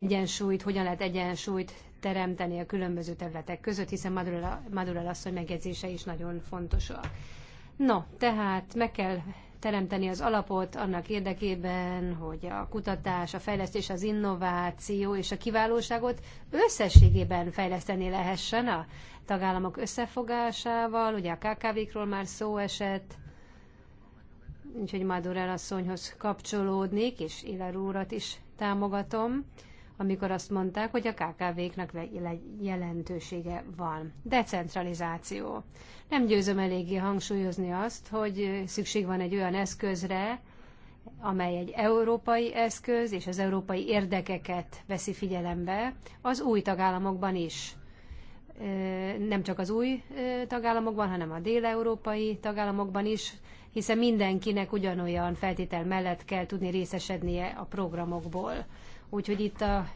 egyensúlyt, hogyan lehet egyensúlyt teremteni a különböző területek között, hiszen Maduro asszony megjegyzése is nagyon fontosak. No, tehát meg kell teremteni az alapot annak érdekében, hogy a kutatás, a fejlesztés, az innováció és a kiválóságot összességében fejleszteni lehessen a tagállamok összefogásával. Ugye a KKV-król már szó esett, úgyhogy Madurell asszonyhoz kapcsolódnék, és Iler úrat is támogatom amikor azt mondták, hogy a KKV-knak jelentősége van. Decentralizáció. Nem győzöm eléggé hangsúlyozni azt, hogy szükség van egy olyan eszközre, amely egy európai eszköz és az európai érdekeket veszi figyelembe az új tagállamokban is. Nem csak az új tagállamokban, hanem a déleurópai tagállamokban is, hiszen mindenkinek ugyanolyan feltétel mellett kell tudni részesednie a programokból Úgyhogy itt a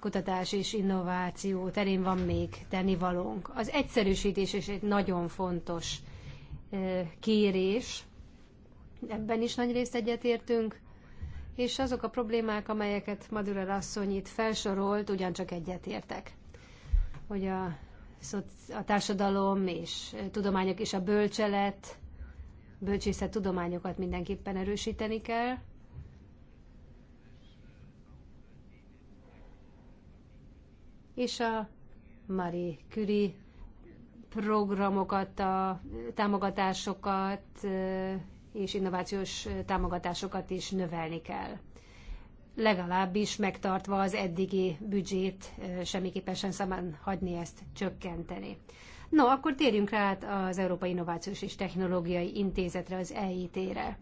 kutatás és innováció terén van még tennivalónk. Az egyszerűsítés is egy nagyon fontos kérés, ebben is nagy részt egyetértünk, és azok a problémák, amelyeket Madura asszony itt felsorolt, ugyancsak egyetértek. Hogy a, a társadalom és a tudományok és a bölcselet, bölcsészet tudományokat mindenképpen erősíteni kell, és a Marie Curie programokat, a támogatásokat és innovációs támogatásokat is növelni kell. Legalábbis megtartva az eddigi büdzsét, semmiképpen sem szabad hagyni ezt csökkenteni. No, akkor térjünk rá az Európai Innovációs és Technológiai Intézetre, az EIT-re.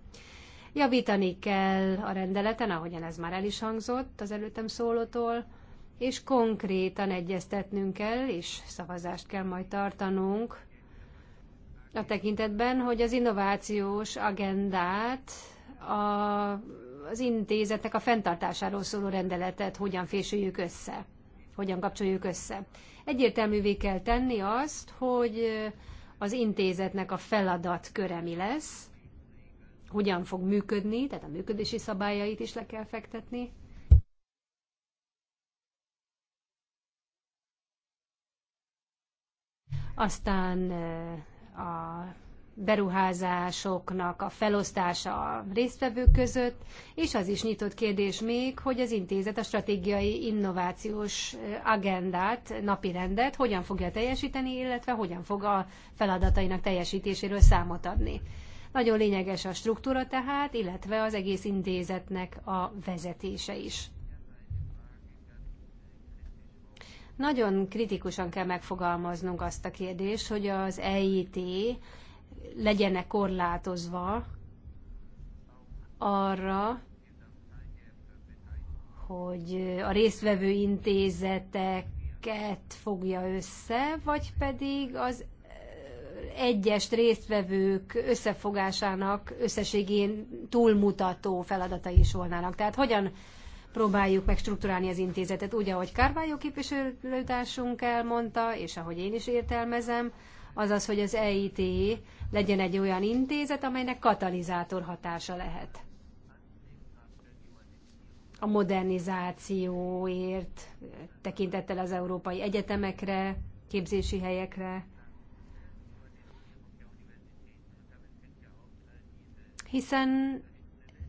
Javítani kell a rendeleten, ahogyan ez már el is hangzott az előttem szólótól, és konkrétan egyeztetnünk kell, és szavazást kell majd tartanunk a tekintetben, hogy az innovációs agendát, a, az intézetek a fenntartásáról szóló rendeletet hogyan fésüljük össze, hogyan kapcsoljuk össze. Egyértelművé kell tenni azt, hogy az intézetnek a feladat köre mi lesz, hogyan fog működni, tehát a működési szabályait is le kell fektetni, Aztán a beruházásoknak a felosztása a résztvevők között, és az is nyitott kérdés még, hogy az intézet a stratégiai innovációs agendát, napirendet hogyan fogja teljesíteni, illetve hogyan fog a feladatainak teljesítéséről számot adni. Nagyon lényeges a struktúra tehát, illetve az egész intézetnek a vezetése is. Nagyon kritikusan kell megfogalmaznunk azt a kérdést, hogy az EIT e korlátozva arra, hogy a résztvevő intézeteket fogja össze, vagy pedig az egyes résztvevők összefogásának összességén túlmutató feladatai is volnának. Tehát hogyan próbáljuk megstruktúrálni az intézetet, úgy, ahogy Kárvályó képviselőtársunk elmondta, és ahogy én is értelmezem, azaz, hogy az EIT legyen egy olyan intézet, amelynek katalizátor hatása lehet. A modernizációért, tekintettel az európai egyetemekre, képzési helyekre, hiszen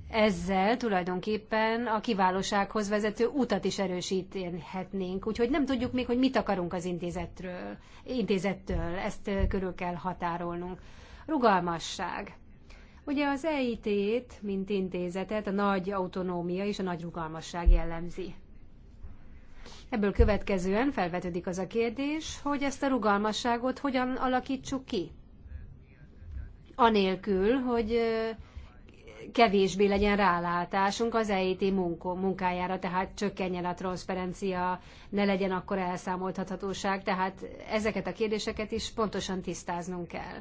ezzel tulajdonképpen a kiválósághoz vezető utat is erősíthetnénk. Úgyhogy nem tudjuk még, hogy mit akarunk az intézetről, intézettől. Ezt körül kell határolnunk. Rugalmasság. Ugye az EIT-t, mint intézetet, a nagy autonómia és a nagy rugalmasság jellemzi. Ebből következően felvetődik az a kérdés, hogy ezt a rugalmasságot hogyan alakítsuk ki. Anélkül, hogy kevésbé legyen rálátásunk az EIT munko, munkájára, tehát csökkenjen a transzparencia, ne legyen akkor elszámoltathatóság, tehát ezeket a kérdéseket is pontosan tisztáznunk kell.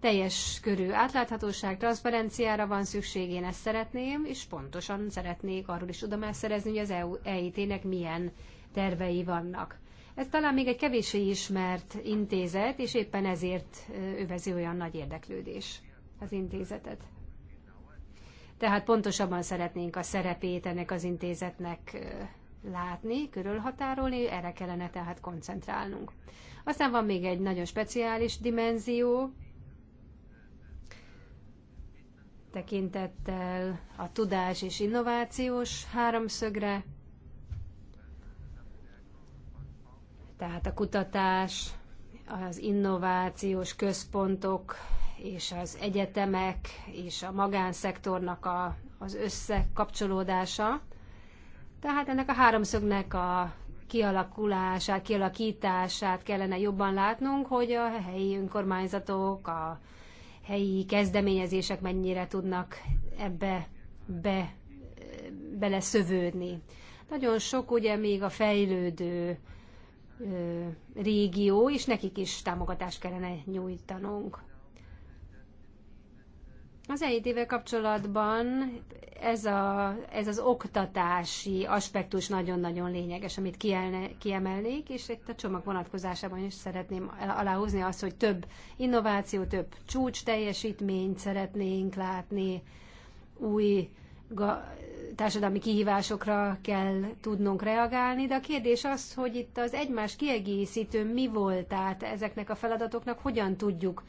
Teljes körű átláthatóság, transzparenciára van szükség, én ezt szeretném, és pontosan szeretnék arról is tudom szerezni, hogy az EIT-nek e milyen tervei vannak. Ez talán még egy kevéssé ismert intézet, és éppen ezért övezi olyan nagy érdeklődés az intézetet. Tehát pontosabban szeretnénk a szerepét ennek az intézetnek látni, körülhatárolni, erre kellene tehát koncentrálnunk. Aztán van még egy nagyon speciális dimenzió, tekintettel a tudás és innovációs háromszögre, tehát a kutatás, az innovációs központok és az egyetemek és a magánszektornak a, az összekapcsolódása. Tehát ennek a háromszögnek a kialakulását, kialakítását kellene jobban látnunk, hogy a helyi önkormányzatok, a helyi kezdeményezések mennyire tudnak ebbe be, beleszövődni. Nagyon sok ugye még a fejlődő ö, régió, és nekik is támogatást kellene nyújtanunk. Az EIT-vel kapcsolatban ez, a, ez az oktatási aspektus nagyon-nagyon lényeges, amit kielne, kiemelnék, és itt a csomag vonatkozásában is szeretném aláhúzni azt, hogy több innováció, több csúcs teljesítményt szeretnénk látni, új társadalmi kihívásokra kell tudnunk reagálni, de a kérdés az, hogy itt az egymás kiegészítő mi volt, tehát ezeknek a feladatoknak hogyan tudjuk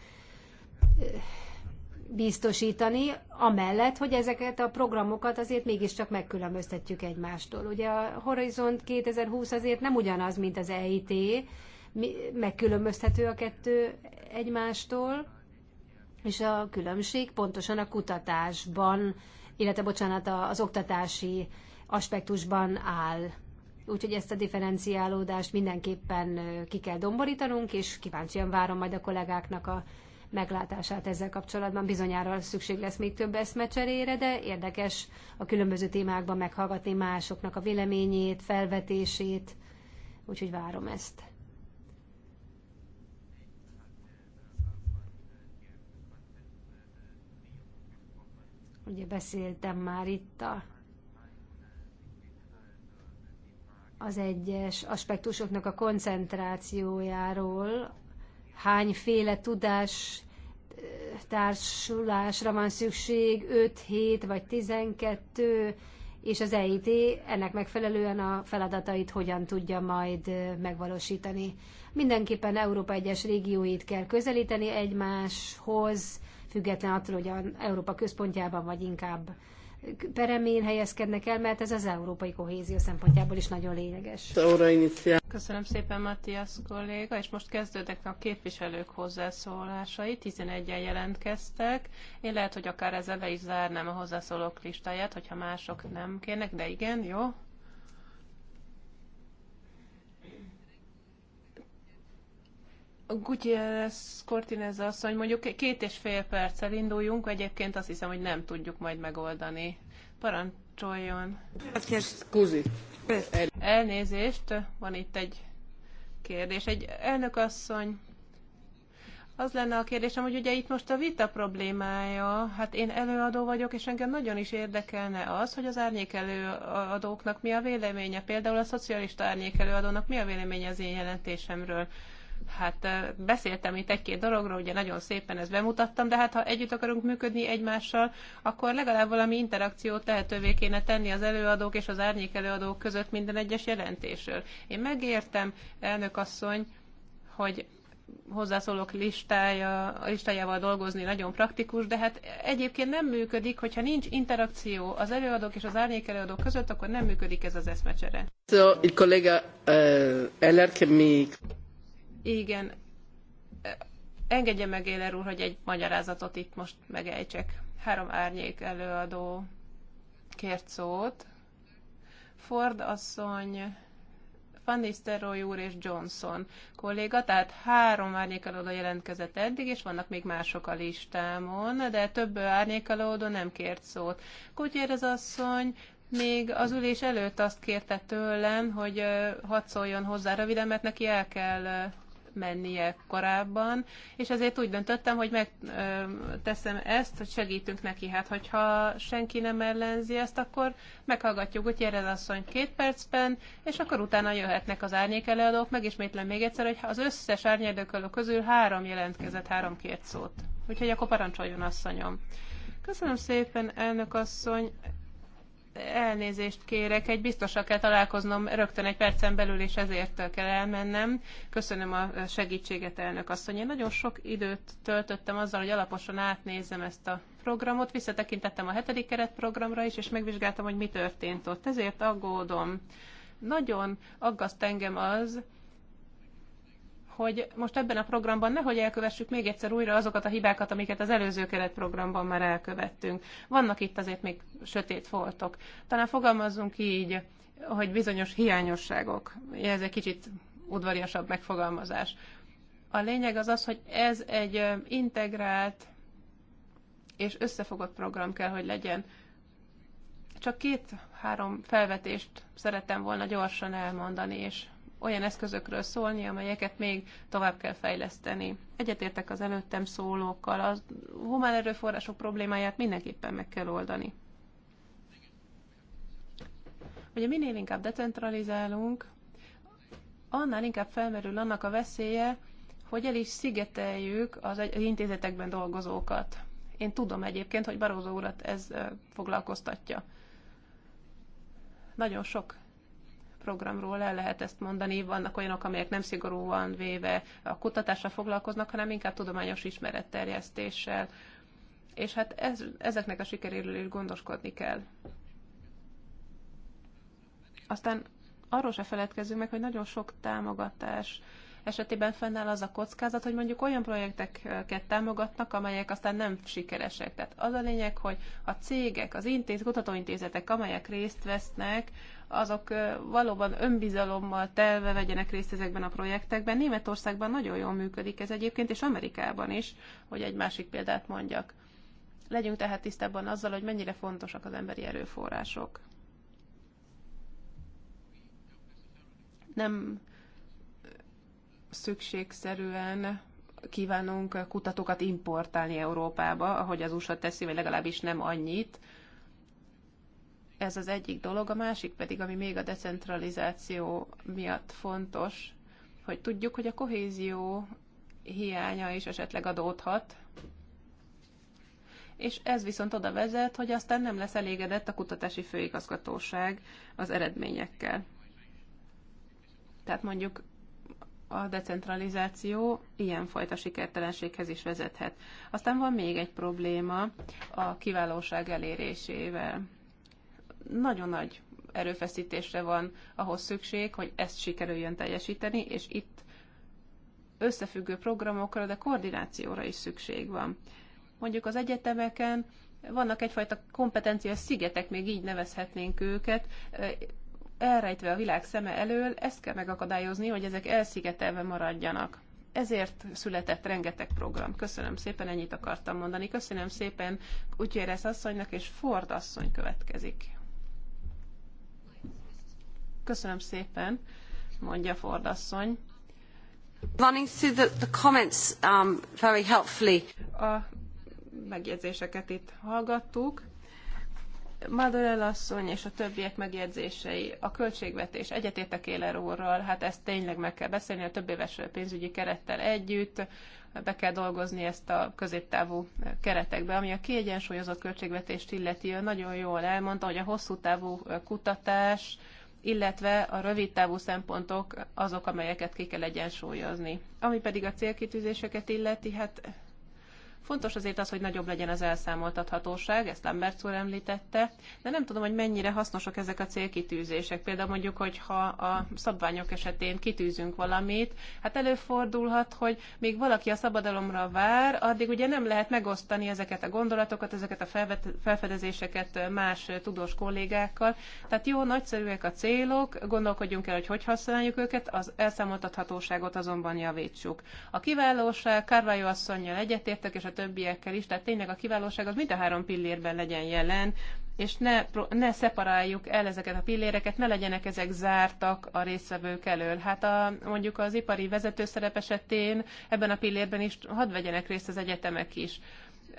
biztosítani, amellett, hogy ezeket a programokat azért mégiscsak megkülönböztetjük egymástól. Ugye a Horizont 2020 azért nem ugyanaz, mint az EIT, megkülönböztető a kettő egymástól, és a különbség pontosan a kutatásban, illetve bocsánat, az oktatási aspektusban áll. Úgyhogy ezt a differenciálódást mindenképpen ki kell domborítanunk, és kíváncsian várom majd a kollégáknak a meglátását ezzel kapcsolatban. Bizonyára szükség lesz még több eszmecserére, de érdekes a különböző témákban meghallgatni másoknak a véleményét, felvetését, úgyhogy várom ezt. Ugye beszéltem már itt a az egyes aspektusoknak a koncentrációjáról, hányféle tudás társulásra van szükség 5, 7 vagy 12, és az EIT ennek megfelelően a feladatait hogyan tudja majd megvalósítani. Mindenképpen Európa egyes régióit kell közelíteni egymáshoz, független attól, hogy Európa központjában vagy inkább peremén helyezkednek el, mert ez az európai kohézió szempontjából is nagyon lényeges. Köszönöm szépen, Matthias kolléga, és most kezdődnek a képviselők hozzászólásai. 11-en jelentkeztek. Én lehet, hogy akár ezzel le is zárnám a hozzászólók listáját, hogyha mások nem kérnek, de igen, jó? Gutierrez Cortinez asszony, mondjuk két és fél perccel induljunk, egyébként azt hiszem, hogy nem tudjuk majd megoldani. Parancsoljon. Elnézést, van itt egy kérdés. Egy elnök asszony, az lenne a kérdésem, hogy ugye itt most a vita problémája, hát én előadó vagyok, és engem nagyon is érdekelne az, hogy az árnyékelőadóknak mi a véleménye, például a szocialista árnyékelőadónak mi a véleménye az én jelentésemről. Hát beszéltem itt egy-két dologról, ugye nagyon szépen ezt bemutattam, de hát ha együtt akarunk működni egymással, akkor legalább valami interakciót lehetővé kéne tenni az előadók és az árnyék előadók között minden egyes jelentésről. Én megértem, elnök asszony, hogy hozzászólók listája, listájával dolgozni nagyon praktikus, de hát egyébként nem működik, hogyha nincs interakció az előadók és az árnyék előadók között, akkor nem működik ez az eszmecsere. So, il kolléga, uh, eh, Eller mi... Igen, e, engedje meg Éler úr, hogy egy magyarázatot itt most megejtsek. Három árnyék előadó kért szót. Ford asszony, Van Nistelrooy úr és Johnson kolléga, tehát három előadó jelentkezett eddig, és vannak még mások a listámon, de több előadó nem kért szót. Kutyér az asszony, még az ülés előtt azt kérte tőlem, hogy hadd szóljon hozzá röviden, mert neki el kell mennie korábban, és ezért úgy döntöttem, hogy megteszem ezt, hogy segítünk neki. Hát, hogyha senki nem ellenzi ezt, akkor meghallgatjuk az asszony két percben, és akkor utána jöhetnek az árnyék előadók. Megismétlem még egyszer, hogy az összes árnyékelő közül három jelentkezett, három kért szót. Úgyhogy akkor parancsoljon asszonyom. Köszönöm szépen, elnök asszony elnézést kérek, egy biztossal kell találkoznom rögtön egy percen belül, és ezért kell elmennem. Köszönöm a segítséget, elnök asszony. Én nagyon sok időt töltöttem azzal, hogy alaposan átnézem ezt a programot, visszatekintettem a hetedik keretprogramra is, és megvizsgáltam, hogy mi történt ott. Ezért aggódom. Nagyon aggaszt engem az, hogy most ebben a programban nehogy elkövessük még egyszer újra azokat a hibákat, amiket az előző keretprogramban már elkövettünk. Vannak itt azért még sötét foltok. Talán fogalmazzunk így, hogy bizonyos hiányosságok. Ez egy kicsit udvariasabb megfogalmazás. A lényeg az az, hogy ez egy integrált és összefogott program kell, hogy legyen. Csak két-három felvetést szerettem volna gyorsan elmondani, és olyan eszközökről szólni, amelyeket még tovább kell fejleszteni. Egyetértek az előttem szólókkal, a humán erőforrások problémáját mindenképpen meg kell oldani. Ugye minél inkább decentralizálunk, annál inkább felmerül annak a veszélye, hogy el is szigeteljük az intézetekben dolgozókat. Én tudom egyébként, hogy Barózó urat ez foglalkoztatja. Nagyon sok programról el lehet ezt mondani. Vannak olyanok, amelyek nem szigorúan véve a kutatásra foglalkoznak, hanem inkább tudományos ismeretterjesztéssel. És hát ez, ezeknek a sikeréről is gondoskodni kell. Aztán arról se feledkezzünk meg, hogy nagyon sok támogatás esetében fennáll az a kockázat, hogy mondjuk olyan projekteket támogatnak, amelyek aztán nem sikeresek. Tehát az a lényeg, hogy a cégek, az intéz, kutatóintézetek, amelyek részt vesznek, azok valóban önbizalommal telve vegyenek részt ezekben a projektekben. Németországban nagyon jól működik ez egyébként, és Amerikában is, hogy egy másik példát mondjak. Legyünk tehát tisztában azzal, hogy mennyire fontosak az emberi erőforrások. Nem szükségszerűen kívánunk kutatókat importálni Európába, ahogy az USA teszi, vagy legalábbis nem annyit. Ez az egyik dolog, a másik pedig, ami még a decentralizáció miatt fontos, hogy tudjuk, hogy a kohézió hiánya is esetleg adódhat, és ez viszont oda vezet, hogy aztán nem lesz elégedett a kutatási főigazgatóság az eredményekkel. Tehát mondjuk a decentralizáció ilyenfajta sikertelenséghez is vezethet. Aztán van még egy probléma a kiválóság elérésével. Nagyon nagy erőfeszítésre van ahhoz szükség, hogy ezt sikerüljön teljesíteni, és itt összefüggő programokra, de koordinációra is szükség van. Mondjuk az egyetemeken vannak egyfajta kompetenciás szigetek, még így nevezhetnénk őket, elrejtve a világ szeme elől, ezt kell megakadályozni, hogy ezek elszigetelve maradjanak. Ezért született rengeteg program. Köszönöm szépen, ennyit akartam mondani. Köszönöm szépen Utyérez asszonynak, és Ford asszony következik. Köszönöm szépen, mondja Ford asszony. Running through the, the comments um, very helpfully. A megjegyzéseket itt hallgattuk Madurell asszony és a többiek megjegyzései, a költségvetés, egyetértek Éler hát ezt tényleg meg kell beszélni a több éves pénzügyi kerettel együtt, be kell dolgozni ezt a középtávú keretekbe, ami a kiegyensúlyozott költségvetést illeti, nagyon jól elmondta, hogy a hosszú távú kutatás, illetve a rövid távú szempontok azok, amelyeket ki kell egyensúlyozni. Ami pedig a célkitűzéseket illeti, hát Fontos azért az, hogy nagyobb legyen az elszámoltathatóság, ezt Lambert úr említette, de nem tudom, hogy mennyire hasznosak ezek a célkitűzések. Például mondjuk, hogy ha a szabványok esetén kitűzünk valamit, hát előfordulhat, hogy még valaki a szabadalomra vár, addig ugye nem lehet megosztani ezeket a gondolatokat, ezeket a felfedezéseket más tudós kollégákkal. Tehát jó, nagyszerűek a célok, gondolkodjunk el, hogy hogy használjuk őket, az elszámoltathatóságot azonban javítsuk. A kiválóság, Carvalho asszonynal egyetértek, és a többiekkel is, tehát tényleg a kiválóság az mind a három pillérben legyen jelen, és ne, ne szeparáljuk el ezeket a pilléreket, ne legyenek ezek zártak a részvevők elől. Hát a, mondjuk az ipari vezetőszerep esetén ebben a pillérben is hadd vegyenek részt az egyetemek is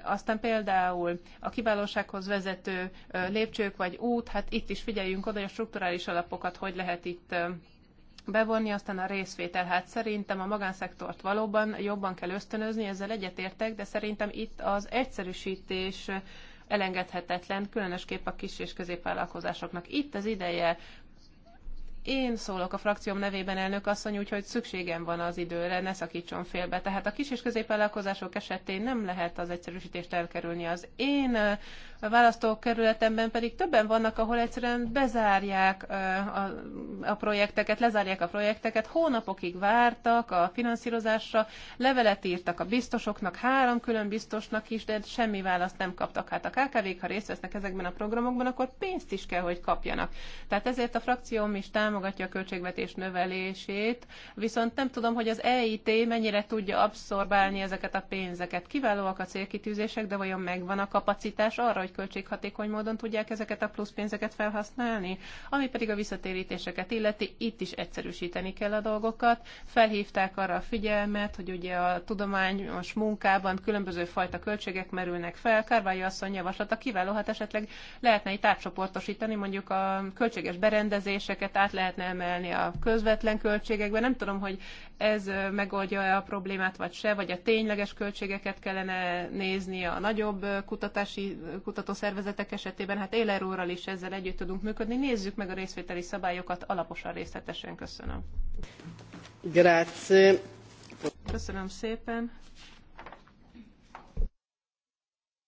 aztán például a kiválósághoz vezető lépcsők vagy út, hát itt is figyeljünk oda, hogy a strukturális alapokat hogy lehet itt bevonni, aztán a részvétel. Hát szerintem a magánszektort valóban jobban kell ösztönözni, ezzel egyetértek, de szerintem itt az egyszerűsítés elengedhetetlen, különösképp a kis és középvállalkozásoknak. Itt az ideje, én szólok a frakcióm nevében, elnök asszony, úgyhogy szükségem van az időre, ne szakítson félbe. Tehát a kis és középvállalkozások esetén nem lehet az egyszerűsítést elkerülni. Az én választókerületemben pedig többen vannak, ahol egyszerűen bezárják a, a projekteket, lezárják a projekteket, hónapokig vártak a finanszírozásra, levelet írtak a biztosoknak, három külön biztosnak is, de semmi választ nem kaptak. Hát a KKV-k, ha részt vesznek ezekben a programokban, akkor pénzt is kell, hogy kapjanak. Tehát ezért a frakcióm is támogatja támogatja a költségvetés növelését, viszont nem tudom, hogy az EIT mennyire tudja abszorbálni ezeket a pénzeket. Kiválóak a célkitűzések, de vajon megvan a kapacitás arra, hogy költséghatékony módon tudják ezeket a plusz pénzeket felhasználni? Ami pedig a visszatérítéseket illeti, itt is egyszerűsíteni kell a dolgokat. Felhívták arra a figyelmet, hogy ugye a tudományos munkában különböző fajta költségek merülnek fel. Kárvályi asszony javaslata kiváló, hát esetleg lehetne itt átcsoportosítani, mondjuk a költséges berendezéseket át lehet lehetne emelni a közvetlen költségekben. Nem tudom, hogy ez megoldja-e a problémát, vagy se, vagy a tényleges költségeket kellene nézni a nagyobb kutatási kutatószervezetek esetében. Hát Éler úrral is ezzel együtt tudunk működni. Nézzük meg a részvételi szabályokat alaposan, részletesen. Köszönöm. Grazie. Köszönöm szépen.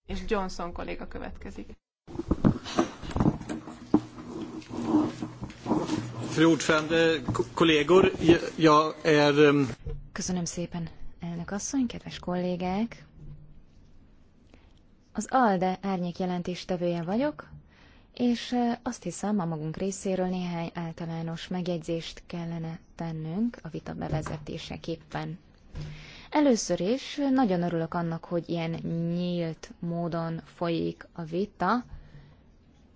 És Johnson kolléga következik. Fru ordförande, kollégor, jag är... Ehm, Köszönöm szépen, elnök asszony, kedves kollégák. Az ALDE árnyék vagyok, és azt hiszem, a magunk részéről néhány általános megjegyzést kellene tennünk a vita bevezetéseképpen. Először is nagyon örülök annak, hogy ilyen nyílt módon folyik a vita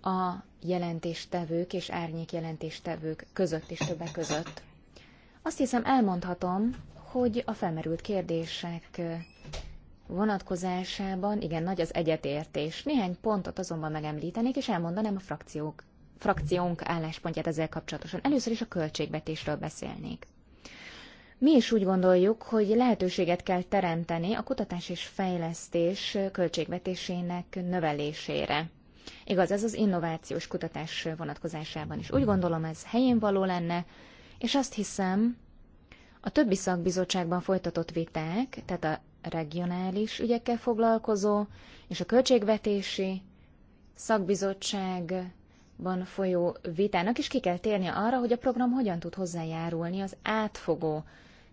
a jelentéstevők és árnyék jelentéstevők között és többek között. Azt hiszem elmondhatom, hogy a felmerült kérdések vonatkozásában igen nagy az egyetértés. Néhány pontot azonban megemlítenék, és elmondanám a frakciók, frakciónk álláspontját ezzel kapcsolatosan. Először is a költségvetésről beszélnék. Mi is úgy gondoljuk, hogy lehetőséget kell teremteni a kutatás és fejlesztés költségvetésének növelésére. Igaz, ez az innovációs kutatás vonatkozásában is. Úgy gondolom, ez helyén való lenne, és azt hiszem, a többi szakbizottságban folytatott viták, tehát a regionális ügyekkel foglalkozó és a költségvetési szakbizottságban folyó vitának is ki kell térnie arra, hogy a program hogyan tud hozzájárulni az átfogó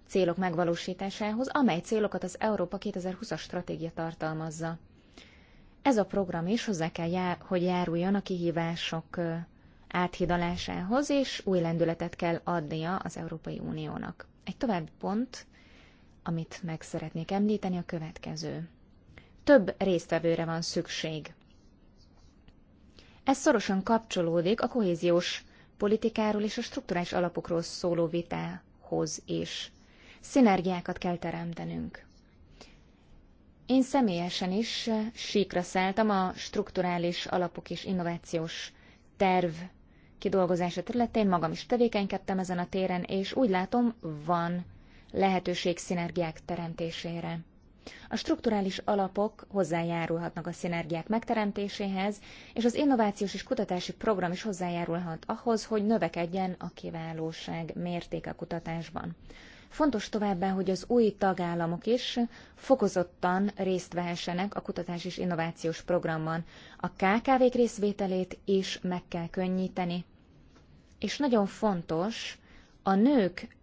célok megvalósításához, amely célokat az Európa 2020-as stratégia tartalmazza. Ez a program is hozzá kell, jár, hogy járuljon a kihívások áthidalásához, és új lendületet kell adnia az Európai Uniónak. Egy további pont, amit meg szeretnék említeni, a következő. Több résztvevőre van szükség. Ez szorosan kapcsolódik a kohéziós politikáról és a strukturális alapokról szóló vitához is. Szinergiákat kell teremtenünk. Én személyesen is eh, síkra szálltam a strukturális alapok és innovációs terv kidolgozása területén, magam is tevékenykedtem ezen a téren, és úgy látom, van lehetőség szinergiák teremtésére. A strukturális alapok hozzájárulhatnak a szinergiák megteremtéséhez, és az innovációs és kutatási program is hozzájárulhat ahhoz, hogy növekedjen a kiválóság mértéke a kutatásban. Fontos továbbá, hogy az új tagállamok is fokozottan részt vehessenek a kutatás és innovációs programban. A KKV-k részvételét is meg kell könnyíteni. És nagyon fontos a nők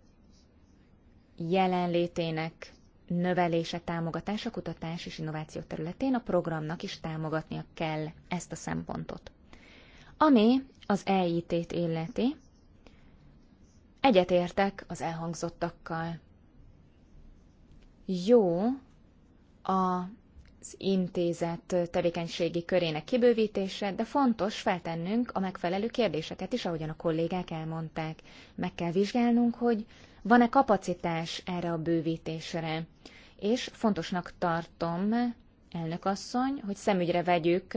jelenlétének növelése, támogatása, kutatás és innováció területén a programnak is támogatnia kell ezt a szempontot. Ami az EIT-t illeti, Egyetértek az elhangzottakkal. Jó az intézet tevékenységi körének kibővítése, de fontos feltennünk a megfelelő kérdéseket is, ahogyan a kollégák elmondták. Meg kell vizsgálnunk, hogy van-e kapacitás erre a bővítésre. És fontosnak tartom, elnök asszony, hogy szemügyre vegyük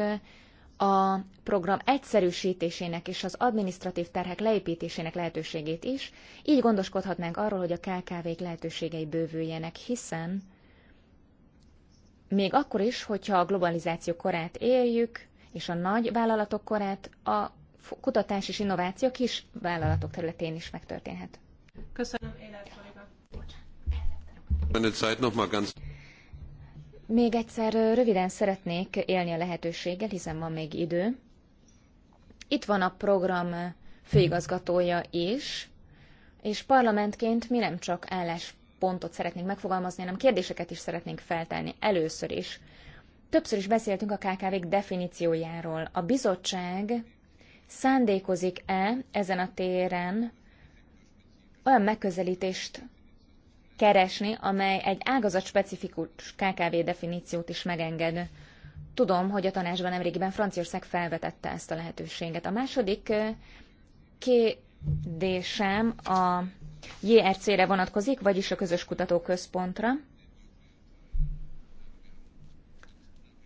a program egyszerűsítésének és az administratív terhek leépítésének lehetőségét is, így gondoskodhatnánk arról, hogy a KKV-k lehetőségei bővüljenek, hiszen még akkor is, hogyha a globalizáció korát éljük, és a nagy vállalatok korát, a kutatás és innováció kis vállalatok területén is megtörténhet. Köszönöm, Élet még egyszer röviden szeretnék élni a lehetőséggel, hiszen van még idő. Itt van a program főigazgatója is, és parlamentként mi nem csak álláspontot szeretnénk megfogalmazni, hanem kérdéseket is szeretnénk feltenni először is. Többször is beszéltünk a KKV-k definíciójáról. A bizottság szándékozik-e ezen a téren olyan megközelítést keresni, amely egy ágazatspecifikus KKV definíciót is megenged. Tudom, hogy a tanácsban nemrégiben Franciaország felvetette ezt a lehetőséget. A második kérdésem a JRC-re vonatkozik, vagyis a Közös Kutatóközpontra.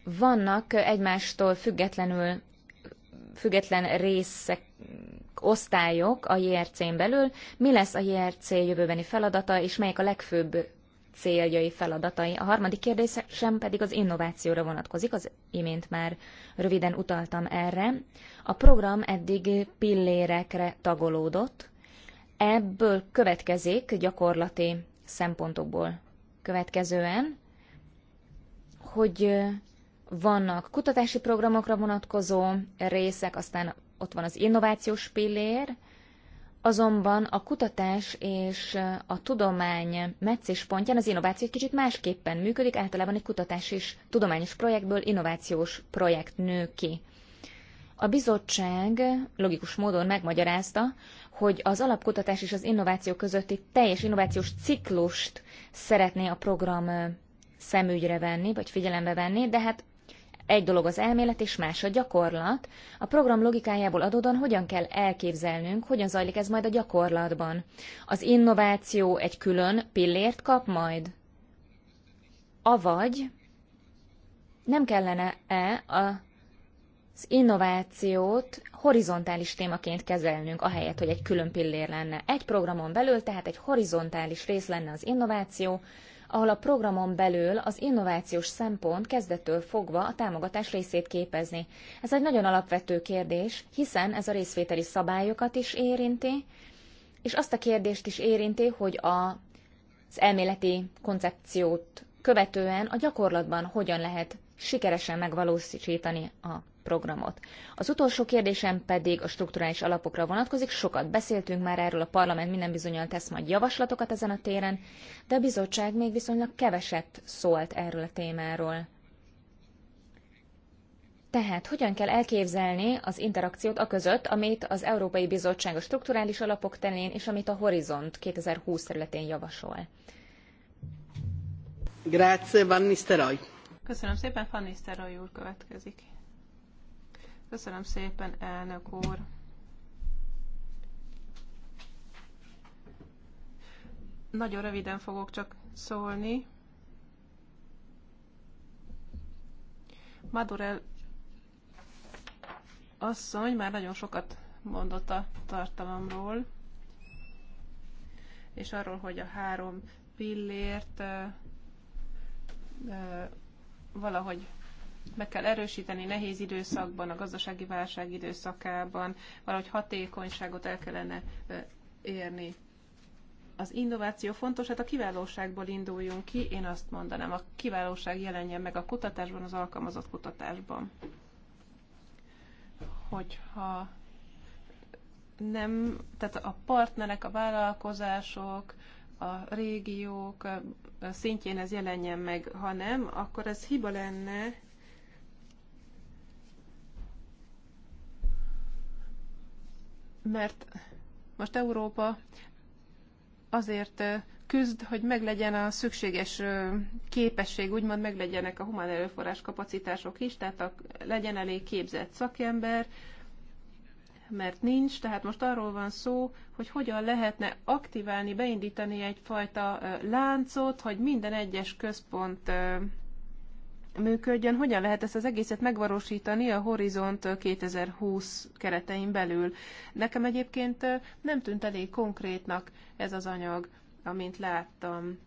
Vannak egymástól függetlenül független részek, osztályok a JRC-n belül, mi lesz a JRC jövőbeni feladata, és melyek a legfőbb céljai, feladatai. A harmadik kérdésem pedig az innovációra vonatkozik, az imént már röviden utaltam erre. A program eddig pillérekre tagolódott, ebből következik gyakorlati szempontokból következően, hogy vannak kutatási programokra vonatkozó részek, aztán ott van az innovációs pillér, azonban a kutatás és a tudomány pontján az innováció egy kicsit másképpen működik, általában egy kutatás és tudományos projektből innovációs projekt nő ki. A bizottság logikus módon megmagyarázta, hogy az alapkutatás és az innováció közötti teljes innovációs ciklust szeretné a program szemügyre venni, vagy figyelembe venni, de hát egy dolog az elmélet, és más a gyakorlat. A program logikájából adódóan hogyan kell elképzelnünk, hogyan zajlik ez majd a gyakorlatban. Az innováció egy külön pillért kap majd? Avagy nem kellene-e az innovációt horizontális témaként kezelnünk, ahelyett, hogy egy külön pillér lenne. Egy programon belül, tehát egy horizontális rész lenne az innováció, ahol a programon belül az innovációs szempont kezdettől fogva a támogatás részét képezni. Ez egy nagyon alapvető kérdés, hiszen ez a részvételi szabályokat is érinti, és azt a kérdést is érinti, hogy a, az elméleti koncepciót követően a gyakorlatban hogyan lehet sikeresen megvalósítani a programot. Az utolsó kérdésem pedig a strukturális alapokra vonatkozik. Sokat beszéltünk már erről, a parlament minden bizonyal tesz majd javaslatokat ezen a téren, de a bizottság még viszonylag keveset szólt erről a témáról. Tehát hogyan kell elképzelni az interakciót a között, amit az Európai Bizottság a strukturális alapok terén és amit a Horizont 2020 területén javasol? Grazie, Van Nisteroy. Köszönöm szépen, Van Nisteroy úr következik. Köszönöm szépen, elnök úr. Nagyon röviden fogok csak szólni. Madurel asszony már nagyon sokat mondott a tartalomról, és arról, hogy a három pillért valahogy meg kell erősíteni nehéz időszakban, a gazdasági válság időszakában, valahogy hatékonyságot el kellene érni. Az innováció fontos, hát a kiválóságból induljunk ki, én azt mondanám, a kiválóság jelenjen meg a kutatásban, az alkalmazott kutatásban. Hogyha nem, tehát a partnerek, a vállalkozások, a régiók szintjén ez jelenjen meg, ha nem, akkor ez hiba lenne, mert most Európa azért küzd, hogy meglegyen a szükséges képesség, úgymond meglegyenek a humán erőforrás kapacitások is, tehát a, legyen elég képzett szakember, mert nincs, tehát most arról van szó, hogy hogyan lehetne aktiválni, beindítani egyfajta láncot, hogy minden egyes központ működjön, hogyan lehet ezt az egészet megvalósítani a Horizont 2020 keretein belül. Nekem egyébként nem tűnt elég konkrétnak ez az anyag, amint láttam.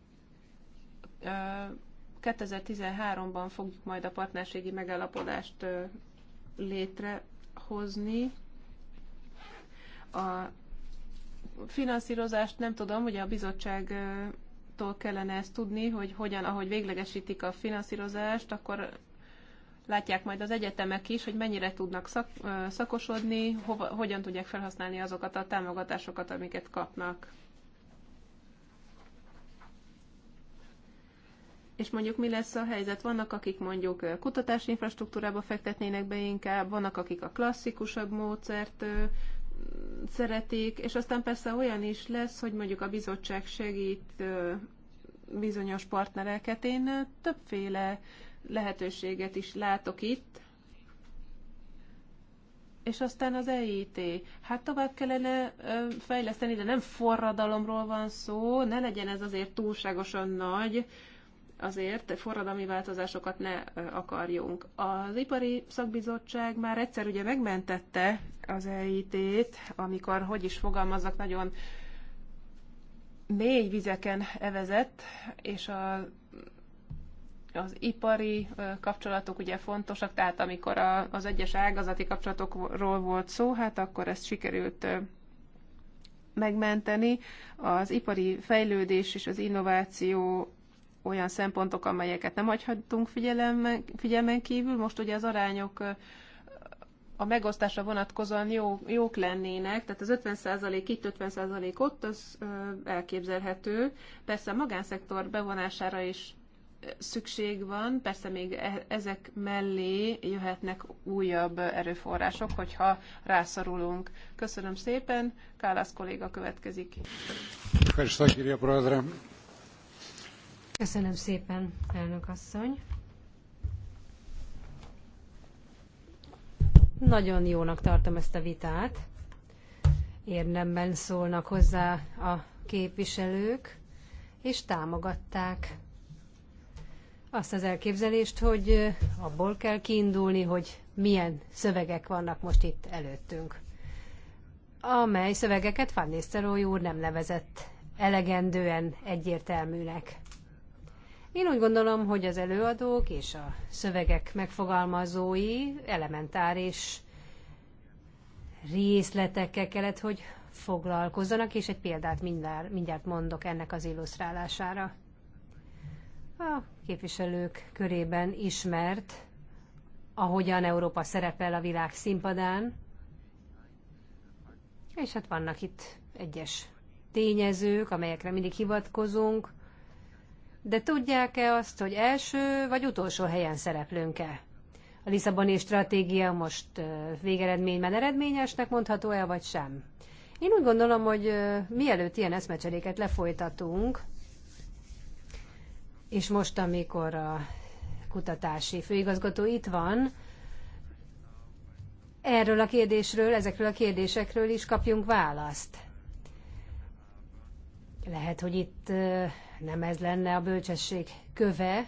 2013-ban fogjuk majd a partnerségi megállapodást létrehozni. A finanszírozást nem tudom, ugye a bizottság tagállamoktól kellene ezt tudni, hogy hogyan, ahogy véglegesítik a finanszírozást, akkor látják majd az egyetemek is, hogy mennyire tudnak szak, szakosodni, hova, hogyan tudják felhasználni azokat a támogatásokat, amiket kapnak. És mondjuk mi lesz a helyzet? Vannak, akik mondjuk kutatási infrastruktúrába fektetnének be inkább, vannak, akik a klasszikusabb módszert szeretik, és aztán persze olyan is lesz, hogy mondjuk a bizottság segít bizonyos partnereket. Én többféle lehetőséget is látok itt, és aztán az EIT. Hát tovább kellene fejleszteni, de nem forradalomról van szó, ne legyen ez azért túlságosan nagy, azért forradalmi változásokat ne akarjunk. Az ipari szakbizottság már egyszer ugye megmentette az EIT-t, amikor, hogy is fogalmazzak, nagyon mély vizeken evezett, és a az ipari kapcsolatok ugye fontosak, tehát amikor a, az egyes ágazati kapcsolatokról volt szó, hát akkor ezt sikerült megmenteni. Az ipari fejlődés és az innováció olyan szempontok, amelyeket nem hagyhatunk figyelmen, figyelmen kívül. Most ugye az arányok a megosztásra vonatkozóan jó, jók lennének, tehát az 50% itt, 50% ott, az elképzelhető. Persze a magánszektor bevonására is szükség van, persze még e, ezek mellé jöhetnek újabb erőforrások, hogyha rászorulunk. Köszönöm szépen, Kálász kolléga következik. Köszönöm, Köszönöm szépen, elnök asszony. Nagyon jónak tartom ezt a vitát. Érdemben szólnak hozzá a képviselők, és támogatták azt az elképzelést, hogy abból kell kiindulni, hogy milyen szövegek vannak most itt előttünk, amely szövegeket Van Nistelrooy úr nem nevezett elegendően egyértelműnek. Én úgy gondolom, hogy az előadók és a szövegek megfogalmazói elementáris részletekkel kellett, hogy foglalkozzanak, és egy példát mindjárt, mindjárt mondok ennek az illusztrálására. A képviselők körében ismert, ahogyan Európa szerepel a világ színpadán, és hát vannak itt egyes tényezők, amelyekre mindig hivatkozunk, de tudják-e azt, hogy első vagy utolsó helyen szereplünk-e? A Lisszaboni stratégia most végeredményben eredményesnek mondható-e, vagy sem? Én úgy gondolom, hogy mielőtt ilyen eszmecseréket lefolytatunk, és most, amikor a kutatási főigazgató itt van, erről a kérdésről, ezekről a kérdésekről is kapjunk választ. Lehet, hogy itt nem ez lenne a bölcsesség köve,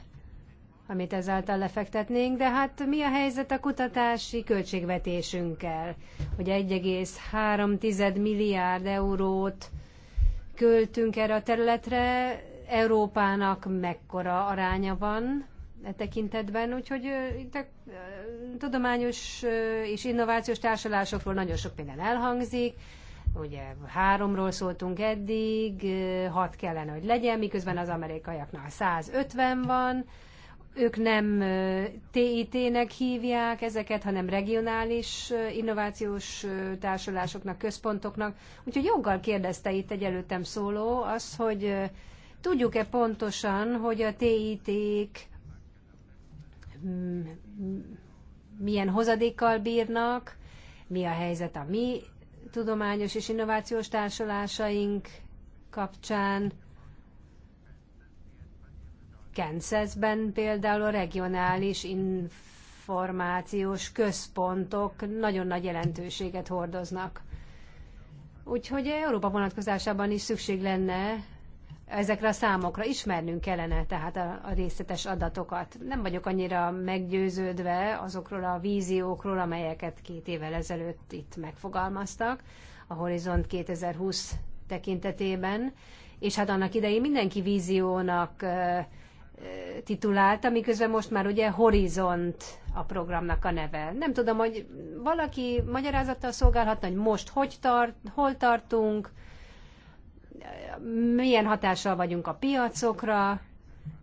amit ezáltal lefektetnénk, de hát mi a helyzet a kutatási költségvetésünkkel? Hogy 1,3 milliárd eurót költünk erre a területre, Európának mekkora aránya van e tekintetben, úgyhogy itt a tudományos és innovációs társulásokról nagyon sok minden elhangzik, Ugye háromról szóltunk eddig, hat kellene, hogy legyen, miközben az amerikaiaknál 150 van, ők nem TIT-nek hívják ezeket, hanem regionális innovációs társulásoknak, központoknak. Úgyhogy joggal kérdezte itt egy előttem szóló az, hogy tudjuk-e pontosan, hogy a TIT-k mm, mm, milyen hozadékkal bírnak, mi a helyzet a mi tudományos és innovációs társulásaink kapcsán. Kansasben például a regionális információs központok nagyon nagy jelentőséget hordoznak. Úgyhogy Európa vonatkozásában is szükség lenne ezekre a számokra ismernünk kellene tehát a, a részletes adatokat. Nem vagyok annyira meggyőződve azokról a víziókról, amelyeket két évvel ezelőtt itt megfogalmaztak a Horizont 2020 tekintetében, és hát annak idején mindenki víziónak titulált, miközben most már ugye Horizont a programnak a neve. Nem tudom, hogy valaki magyarázattal szolgálhatna, hogy most hogy tart, hol tartunk, milyen hatással vagyunk a piacokra,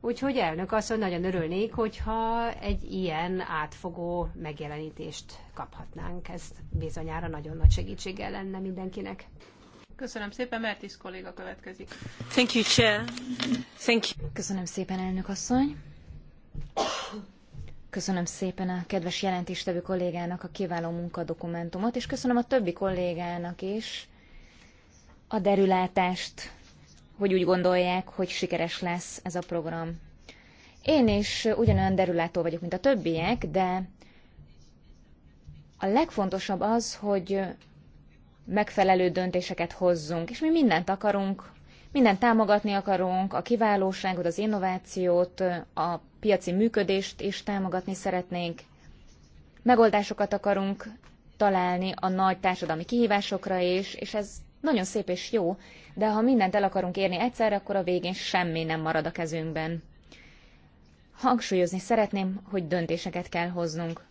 úgyhogy elnök asszony nagyon örülnék, hogyha egy ilyen átfogó megjelenítést kaphatnánk. Ez bizonyára nagyon nagy segítséggel lenne mindenkinek. Köszönöm szépen, Mertis kolléga következik. Thank you, Chair. Thank you. Köszönöm szépen, elnök asszony. Köszönöm szépen a kedves jelentéstevő kollégának a kiváló munkadokumentumot, és köszönöm a többi kollégának is, a derülátást, hogy úgy gondolják, hogy sikeres lesz ez a program. Én is ugyanolyan derülátó vagyok, mint a többiek, de a legfontosabb az, hogy megfelelő döntéseket hozzunk, és mi mindent akarunk, mindent támogatni akarunk, a kiválóságot, az innovációt, a piaci működést is támogatni szeretnénk. Megoldásokat akarunk találni a nagy társadalmi kihívásokra is, és ez nagyon szép és jó, de ha mindent el akarunk érni egyszer, akkor a végén semmi nem marad a kezünkben. Hangsúlyozni szeretném, hogy döntéseket kell hoznunk.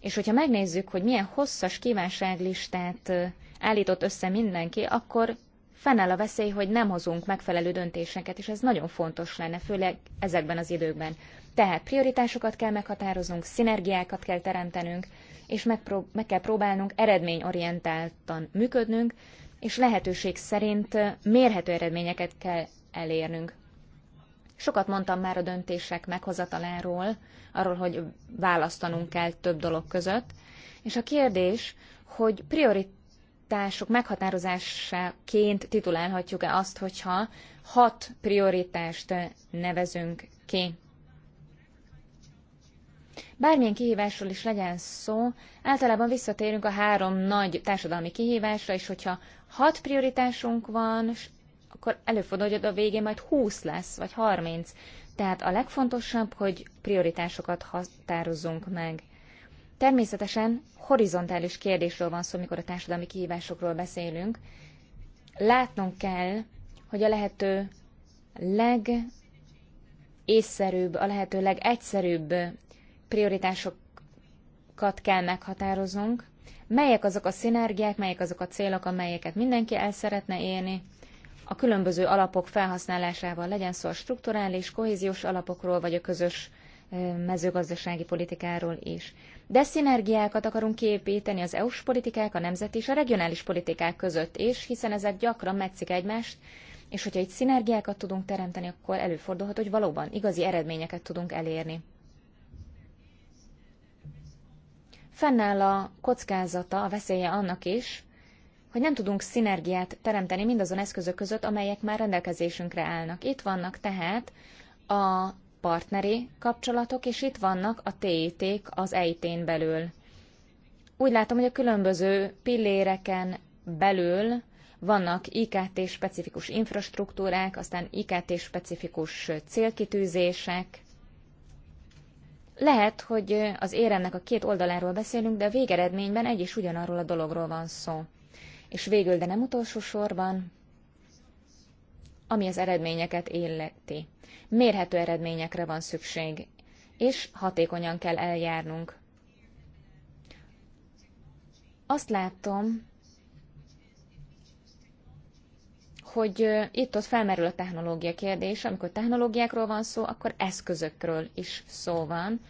És hogyha megnézzük, hogy milyen hosszas kívánságlistát állított össze mindenki, akkor fennáll a veszély, hogy nem hozunk megfelelő döntéseket, és ez nagyon fontos lenne, főleg ezekben az időkben. Tehát prioritásokat kell meghatároznunk, szinergiákat kell teremtenünk, és meg kell próbálnunk eredményorientáltan működnünk, és lehetőség szerint mérhető eredményeket kell elérnünk. Sokat mondtam már a döntések meghozataláról, arról, hogy választanunk kell több dolog között, és a kérdés, hogy prioritások meghatározásaként titulálhatjuk-e azt, hogyha hat prioritást nevezünk ki. Bármilyen kihívásról is legyen szó, általában visszatérünk a három nagy társadalmi kihívásra, és hogyha hat prioritásunk van, akkor előfordul, hogy a végén majd 20 lesz, vagy 30. Tehát a legfontosabb, hogy prioritásokat határozzunk meg. Természetesen horizontális kérdésről van szó, mikor a társadalmi kihívásokról beszélünk. Látnunk kell, hogy a lehető legészszerűbb, a lehető legegyszerűbb prioritásokat kell meghatároznunk, melyek azok a szinergiák, melyek azok a célok, amelyeket mindenki el szeretne élni, a különböző alapok felhasználásával legyen szó a strukturális, kohéziós alapokról, vagy a közös mezőgazdasági politikáról is. De szinergiákat akarunk kiépíteni az EU-s politikák, a nemzeti és a regionális politikák között is, hiszen ezek gyakran metszik egymást, és hogyha itt szinergiákat tudunk teremteni, akkor előfordulhat, hogy valóban igazi eredményeket tudunk elérni. fennáll a kockázata, a veszélye annak is, hogy nem tudunk szinergiát teremteni mindazon eszközök között, amelyek már rendelkezésünkre állnak. Itt vannak tehát a partneri kapcsolatok, és itt vannak a tét k az EIT-n belül. Úgy látom, hogy a különböző pilléreken belül vannak IKT-specifikus infrastruktúrák, aztán IKT-specifikus célkitűzések, lehet, hogy az éremnek a két oldaláról beszélünk, de a végeredményben egy is ugyanarról a dologról van szó. És végül, de nem utolsó sorban, ami az eredményeket illeti. Mérhető eredményekre van szükség, és hatékonyan kell eljárnunk. Azt látom, hogy itt-ott felmerül a technológia kérdés. amikor technológiákról van szó, akkor eszközökről is szó van.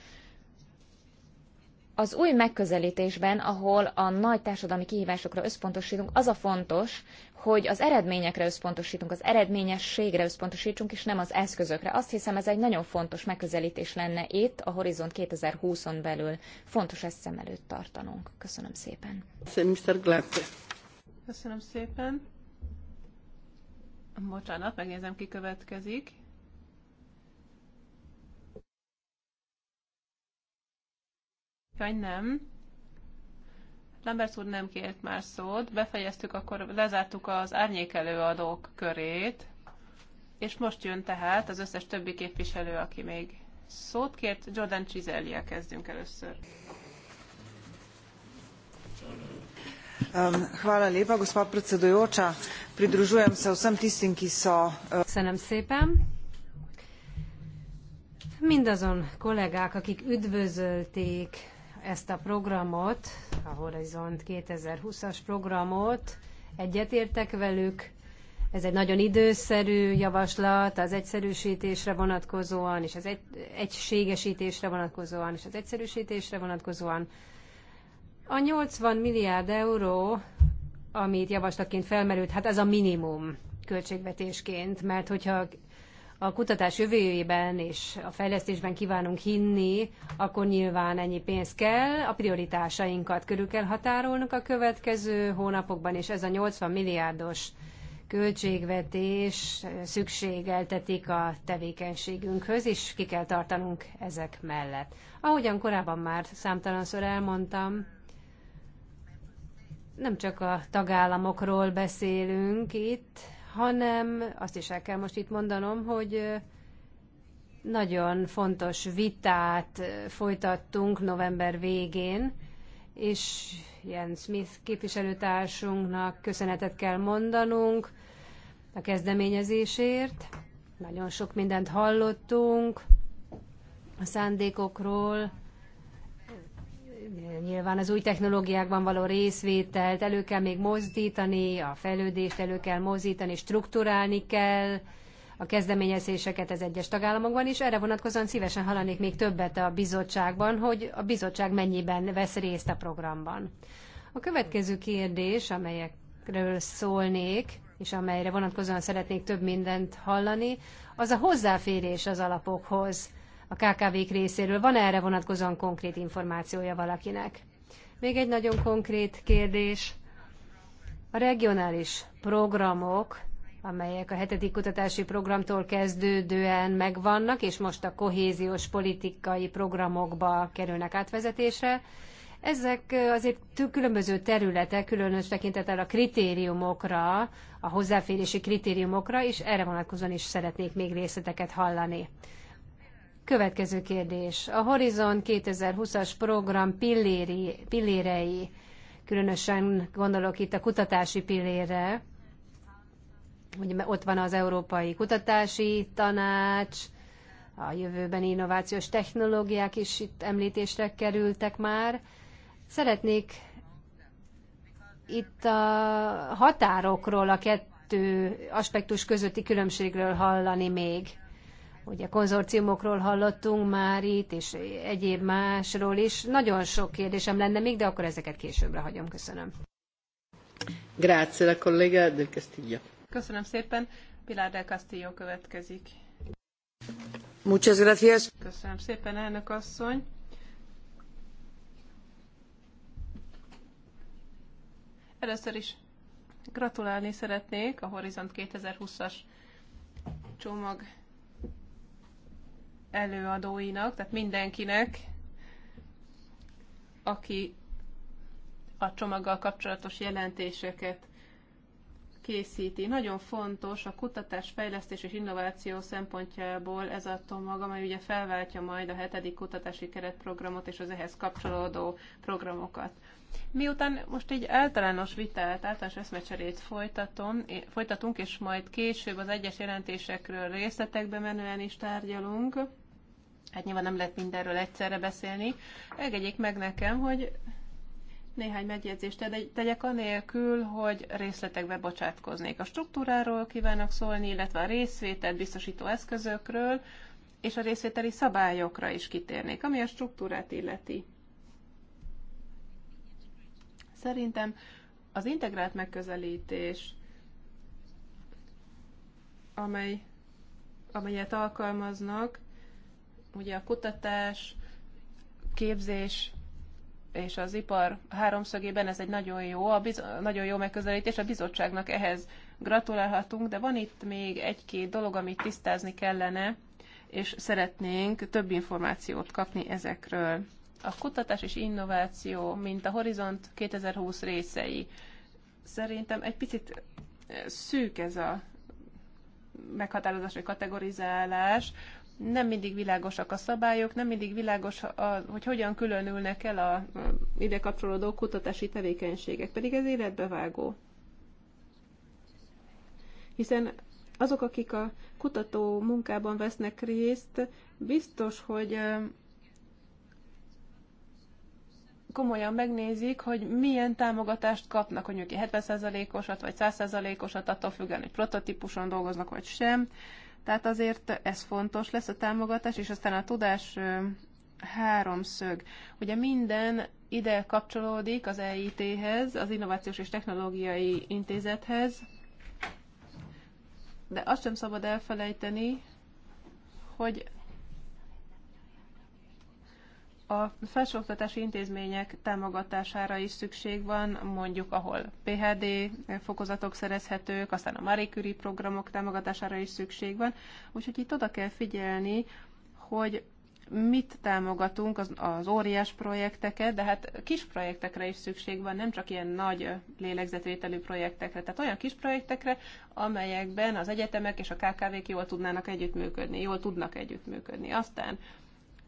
Az új megközelítésben, ahol a nagy társadalmi kihívásokra összpontosítunk, az a fontos, hogy az eredményekre összpontosítunk, az eredményességre összpontosítsunk, és nem az eszközökre. Azt hiszem, ez egy nagyon fontos megközelítés lenne itt, a Horizont 2020-on belül. Fontos ezt szem előtt tartanunk. Köszönöm szépen. Mr. Köszönöm szépen. Bocsánat, megnézem, ki következik. Jaj, nem. Lambert úr nem kért már szót, befejeztük, akkor lezártuk az árnyékelőadók körét, és most jön tehát az összes többi képviselő, aki még szót kért. Jordan Csizelliel kezdünk először. Jordan. Hvala lepa, gospa predsedujoča. Pridružujem se vsem tistim, ki so... Köszönöm eh, szépen. Mindazon kollégák, akik üdvözölték ezt a programot, a Horizont 2020-as programot, egyetértek velük. Ez egy nagyon időszerű javaslat az egyszerűsítésre vonatkozóan, és az egy, egységesítésre vonatkozóan, és az egyszerűsítésre vonatkozóan. A 80 milliárd euró, amit javaslatként felmerült, hát ez a minimum költségvetésként, mert hogyha a kutatás jövőjében és a fejlesztésben kívánunk hinni, akkor nyilván ennyi pénz kell, a prioritásainkat körül kell határolnunk a következő hónapokban, és ez a 80 milliárdos költségvetés szükségeltetik a tevékenységünkhöz, és ki kell tartanunk ezek mellett. Ahogyan korábban már számtalanszor elmondtam, nem csak a tagállamokról beszélünk itt, hanem azt is el kell most itt mondanom, hogy nagyon fontos vitát folytattunk november végén, és Jan Smith képviselőtársunknak köszönetet kell mondanunk a kezdeményezésért. Nagyon sok mindent hallottunk a szándékokról, Nyilván az új technológiákban való részvételt elő kell még mozdítani, a fejlődést elő kell mozdítani, strukturálni kell a kezdeményezéseket az egyes tagállamokban, is. erre vonatkozóan szívesen hallanék még többet a bizottságban, hogy a bizottság mennyiben vesz részt a programban. A következő kérdés, amelyekről szólnék, és amelyre vonatkozóan szeretnék több mindent hallani, az a hozzáférés az alapokhoz a KKV-k részéről. Van -e erre vonatkozóan konkrét információja valakinek? Még egy nagyon konkrét kérdés. A regionális programok, amelyek a hetedik kutatási programtól kezdődően megvannak, és most a kohéziós politikai programokba kerülnek átvezetésre, ezek azért különböző területek, különös tekintettel a kritériumokra, a hozzáférési kritériumokra, és erre vonatkozóan is szeretnék még részleteket hallani. Következő kérdés. A Horizon 2020-as program pilléri, pillérei, különösen gondolok itt a kutatási pillére, hogy ott van az Európai Kutatási Tanács, a jövőben innovációs technológiák is itt említésre kerültek már. Szeretnék itt a határokról, a kettő aspektus közötti különbségről hallani még. Ugye konzorciumokról hallottunk már itt, és egyéb másról is. Nagyon sok kérdésem lenne még, de akkor ezeket későbbre hagyom. Köszönöm. Grazie, la collega del Castillo. Köszönöm szépen. Pilar del Castillo következik. Muchas gracias. Köszönöm szépen, elnök asszony. Először is gratulálni szeretnék a Horizont 2020-as csomag előadóinak, tehát mindenkinek, aki a csomaggal kapcsolatos jelentéseket készíti. Nagyon fontos a kutatás, fejlesztés és innováció szempontjából ez a csomag, amely ugye felváltja majd a hetedik kutatási keretprogramot és az ehhez kapcsolódó programokat. Miután most egy általános vitát, általános eszmecserét folytatom, folytatunk, és majd később az egyes jelentésekről részletekbe menően is tárgyalunk, Hát nyilván nem lehet mindenről egyszerre beszélni. Engedjék meg nekem, hogy néhány megjegyzést tegyek anélkül, hogy részletekbe bocsátkoznék. A struktúráról kívánok szólni, illetve a részvételt biztosító eszközökről, és a részvételi szabályokra is kitérnék, ami a struktúrát illeti. Szerintem az integrált megközelítés, amely, amelyet alkalmaznak, Ugye a kutatás, képzés és az ipar háromszögében ez egy nagyon jó, a bizo- nagyon jó megközelítés, a bizottságnak ehhez gratulálhatunk, de van itt még egy-két dolog, amit tisztázni kellene, és szeretnénk több információt kapni ezekről. A kutatás és innováció, mint a Horizont 2020 részei. Szerintem egy picit eh, szűk ez a meghatározás vagy kategorizálás nem mindig világosak a szabályok, nem mindig világos, a, hogy hogyan különülnek el a, a ide kapcsolódó kutatási tevékenységek, pedig ez életbevágó. Hiszen azok, akik a kutató munkában vesznek részt, biztos, hogy komolyan megnézik, hogy milyen támogatást kapnak, hogy 70%-osat vagy 100%-osat, attól függően, hogy prototípuson dolgoznak vagy sem, tehát azért ez fontos lesz a támogatás, és aztán a tudás háromszög. Ugye minden ide kapcsolódik az EIT-hez, az Innovációs és Technológiai Intézethez, de azt sem szabad elfelejteni, hogy a felsőoktatási intézmények támogatására is szükség van, mondjuk ahol PHD fokozatok szerezhetők, aztán a Marie Curie programok támogatására is szükség van. Úgyhogy itt oda kell figyelni, hogy mit támogatunk, az, az óriás projekteket, de hát kis projektekre is szükség van, nem csak ilyen nagy lélegzetvételű projektekre, tehát olyan kis projektekre, amelyekben az egyetemek és a KKV-k jól tudnának együttműködni, jól tudnak együttműködni. Aztán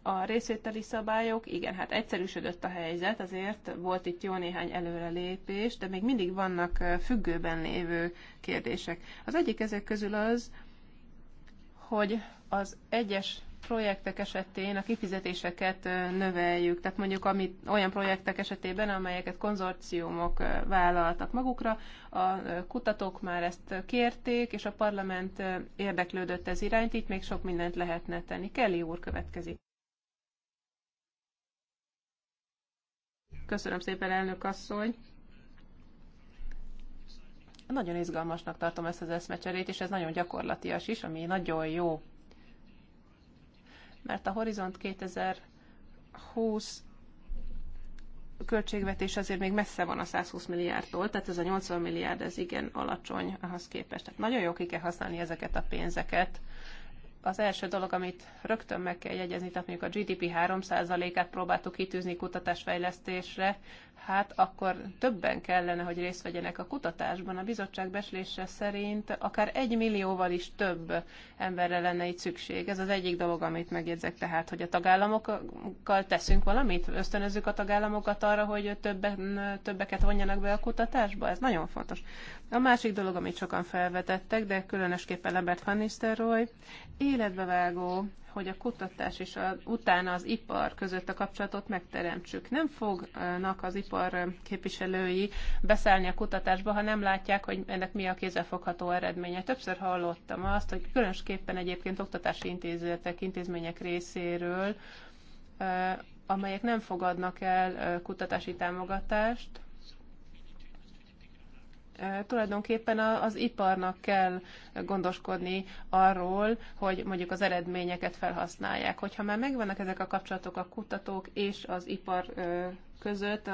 a részvételi szabályok, igen, hát egyszerűsödött a helyzet, azért volt itt jó néhány előrelépés, de még mindig vannak függőben lévő kérdések. Az egyik ezek közül az, hogy az egyes projektek esetén a kifizetéseket növeljük. Tehát mondjuk amit, olyan projektek esetében, amelyeket konzorciumok vállaltak magukra, a kutatók már ezt kérték, és a parlament érdeklődött ez irányt, itt még sok mindent lehetne tenni. Kelly úr következik. Köszönöm szépen, elnök asszony. Nagyon izgalmasnak tartom ezt az eszmecserét, és ez nagyon gyakorlatias is, ami nagyon jó. Mert a Horizont 2020 költségvetés azért még messze van a 120 milliárdtól, tehát ez a 80 milliárd, ez igen alacsony ahhoz képest. Tehát nagyon jó ki kell használni ezeket a pénzeket az első dolog, amit rögtön meg kell jegyezni, tehát mondjuk a GDP 3%-át próbáltuk kitűzni kutatásfejlesztésre, hát akkor többen kellene, hogy részt vegyenek a kutatásban. A bizottság beslése szerint akár egy millióval is több emberre lenne itt szükség. Ez az egyik dolog, amit megjegyzek, tehát, hogy a tagállamokkal teszünk valamit, ösztönözzük a tagállamokat arra, hogy többen, többeket vonjanak be a kutatásba. Ez nagyon fontos. A másik dolog, amit sokan felvetettek, de különösképpen Lebert van Nistelrooy, életbevágó hogy a kutatás és a, utána az ipar között a kapcsolatot megteremtsük. Nem fognak az ipar képviselői beszállni a kutatásba, ha nem látják, hogy ennek mi a kézzelfogható eredménye. Többször hallottam azt, hogy különösképpen egyébként oktatási intézetek, intézmények részéről, eh, amelyek nem fogadnak el eh, kutatási támogatást, tulajdonképpen az iparnak kell gondoskodni arról, hogy mondjuk az eredményeket felhasználják. Hogyha már megvannak ezek a kapcsolatok a kutatók és az ipar között,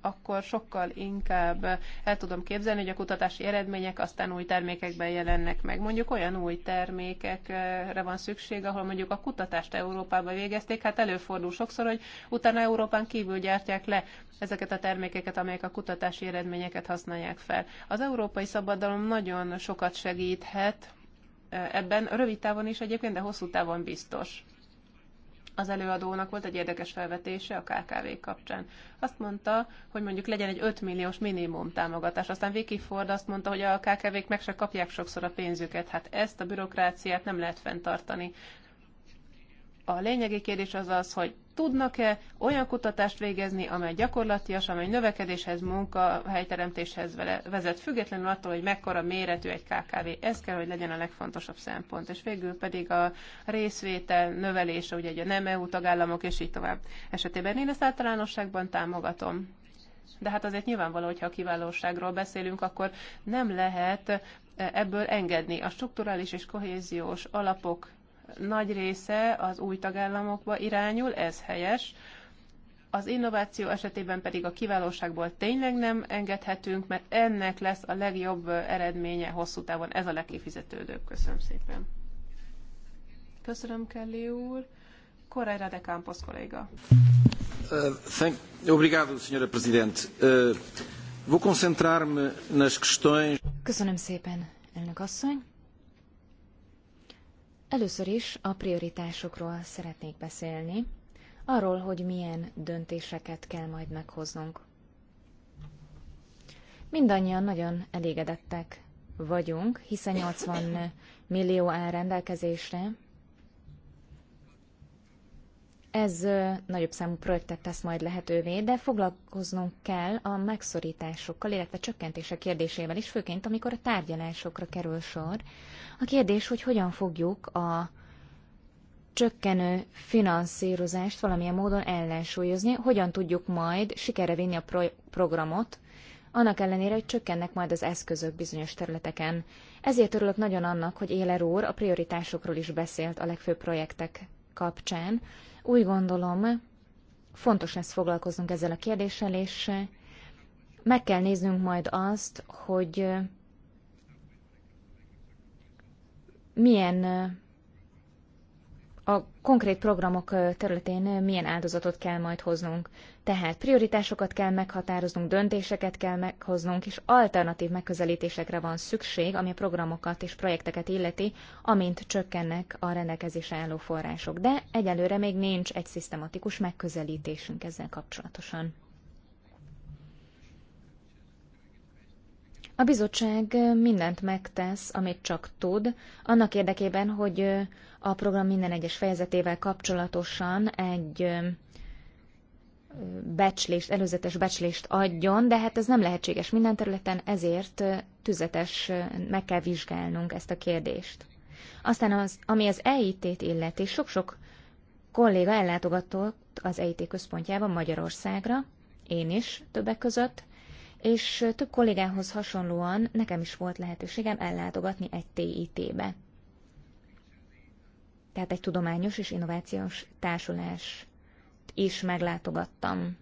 akkor sokkal inkább el tudom képzelni, hogy a kutatási eredmények aztán új termékekben jelennek meg. Mondjuk olyan új termékekre van szükség, ahol mondjuk a kutatást Európában végezték, hát előfordul sokszor, hogy utána Európán kívül gyártják le ezeket a termékeket, amelyek a kutatási eredményeket használják fel. Az európai szabadalom nagyon sokat segíthet eh, ebben, rövid távon is egyébként, de hosszú távon biztos az előadónak volt egy érdekes felvetése a KKV kapcsán. Azt mondta, hogy mondjuk legyen egy 5 milliós minimum támogatás. Aztán Vicky Ford azt mondta, hogy a KKV-k meg se kapják sokszor a pénzüket. Hát ezt a bürokráciát nem lehet fenntartani. A lényegi kérdés az az, hogy tudnak-e olyan kutatást végezni, amely gyakorlatias, amely növekedéshez, munkahelyteremtéshez vezet, függetlenül attól, hogy mekkora méretű egy KKV. Ez kell, hogy legyen a legfontosabb szempont. És végül pedig a részvétel növelése, ugye a nem EU tagállamok, és így tovább esetében. Én ezt általánosságban támogatom. De hát azért nyilvánvaló, hogyha a kiválóságról beszélünk, akkor nem lehet ebből engedni. A strukturális és kohéziós alapok nagy része az új tagállamokba irányul, ez helyes. Az innováció esetében pedig a kiválóságból tényleg nem engedhetünk, mert ennek lesz a legjobb eredménye hosszú távon. Ez a legkifizetődőbb. Köszönöm szépen. Köszönöm, Kelly úr. Correira de Campos kolléga. Uh, thank, obrigado, senhora presidente. Uh, vou concentrar-me nas questões... Köszönöm szépen, elnök asszony. Először is a prioritásokról szeretnék beszélni, arról, hogy milyen döntéseket kell majd meghoznunk. Mindannyian nagyon elégedettek vagyunk, hiszen 80 millió áll rendelkezésre. Ez nagyobb számú projektet tesz majd lehetővé, de foglalkoznunk kell a megszorításokkal, illetve csökkentése kérdésével is, főként amikor a tárgyalásokra kerül sor a kérdés, hogy hogyan fogjuk a csökkenő finanszírozást valamilyen módon ellensúlyozni, hogyan tudjuk majd sikere vinni a pro programot, annak ellenére, hogy csökkennek majd az eszközök bizonyos területeken. Ezért örülök nagyon annak, hogy Éler úr a prioritásokról is beszélt a legfőbb projektek kapcsán. Úgy gondolom, fontos lesz foglalkoznunk ezzel a kérdéssel, és meg kell néznünk majd azt, hogy milyen a konkrét programok területén milyen áldozatot kell majd hoznunk. Tehát prioritásokat kell meghatároznunk, döntéseket kell meghoznunk, és alternatív megközelítésekre van szükség, ami a programokat és projekteket illeti, amint csökkennek a rendelkezésre álló források. De egyelőre még nincs egy szisztematikus megközelítésünk ezzel kapcsolatosan. A bizottság mindent megtesz, amit csak tud, annak érdekében, hogy a program minden egyes fejezetével kapcsolatosan egy becslést, előzetes becslést adjon, de hát ez nem lehetséges minden területen, ezért tüzetes meg kell vizsgálnunk ezt a kérdést. Aztán az, ami az EIT-t illeti, sok-sok kolléga ellátogatott az EIT központjában Magyarországra, én is többek között, és több kollégához hasonlóan nekem is volt lehetőségem ellátogatni egy TIT-be. Tehát egy tudományos és innovációs társulás is meglátogattam.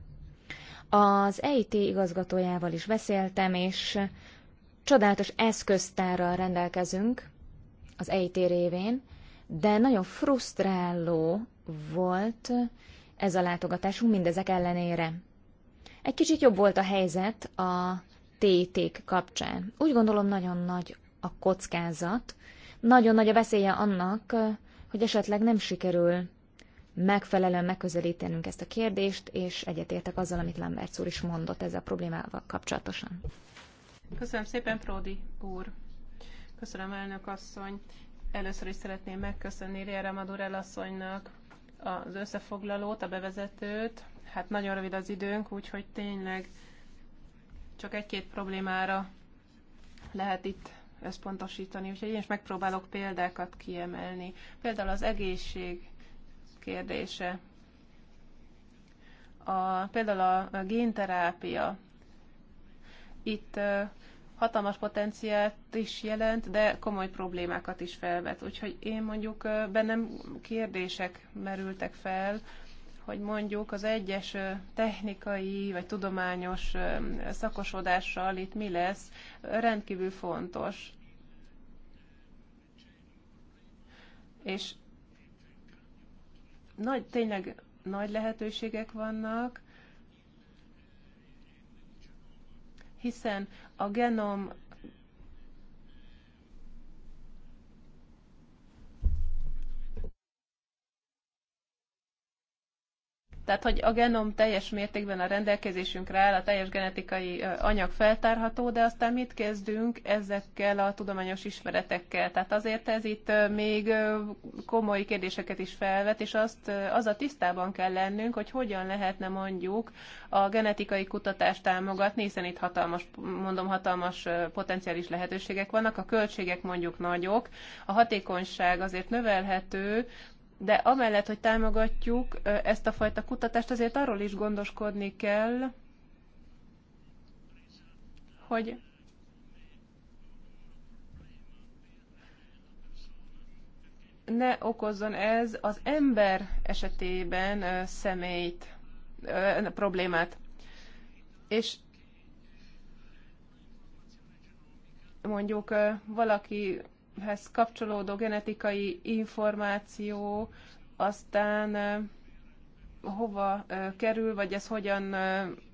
Az EIT igazgatójával is beszéltem, és csodálatos eszköztárral rendelkezünk az EIT révén, de nagyon frusztráló volt ez a látogatásunk mindezek ellenére. Egy kicsit jobb volt a helyzet a téték kapcsán. Úgy gondolom nagyon nagy a kockázat, nagyon nagy a veszélye annak, hogy esetleg nem sikerül megfelelően megközelítenünk ezt a kérdést, és egyetértek azzal, amit Lambert úr is mondott ezzel a problémával kapcsolatosan. Köszönöm szépen, Pródi úr. Köszönöm, elnök asszony. Először is szeretném megköszönni Riera Madurel asszonynak az összefoglalót, a bevezetőt, hát nagyon rövid az időnk, úgyhogy tényleg csak egy-két problémára lehet itt összpontosítani, úgyhogy én is megpróbálok példákat kiemelni. Például az egészség kérdése, a, például a génterápia. Itt hatalmas potenciált is jelent, de komoly problémákat is felvet. Úgyhogy én mondjuk bennem kérdések merültek fel, hogy mondjuk az egyes technikai vagy tudományos szakosodással itt mi lesz, rendkívül fontos. És nagy, tényleg nagy lehetőségek vannak, hiszen a genom Tehát, hogy a genom teljes mértékben a rendelkezésünkre áll, a teljes genetikai anyag feltárható, de aztán mit kezdünk ezekkel a tudományos ismeretekkel? Tehát azért ez itt még komoly kérdéseket is felvet, és azt, az a tisztában kell lennünk, hogy hogyan lehetne mondjuk a genetikai kutatást támogatni, hiszen itt hatalmas, mondom, hatalmas potenciális lehetőségek vannak, a költségek mondjuk nagyok, a hatékonyság azért növelhető, de amellett, hogy támogatjuk ezt a fajta kutatást, azért arról is gondoskodni kell, hogy ne okozzon ez az ember esetében személyt, problémát. És mondjuk valaki hez kapcsolódó genetikai információ aztán hova kerül, vagy ez hogyan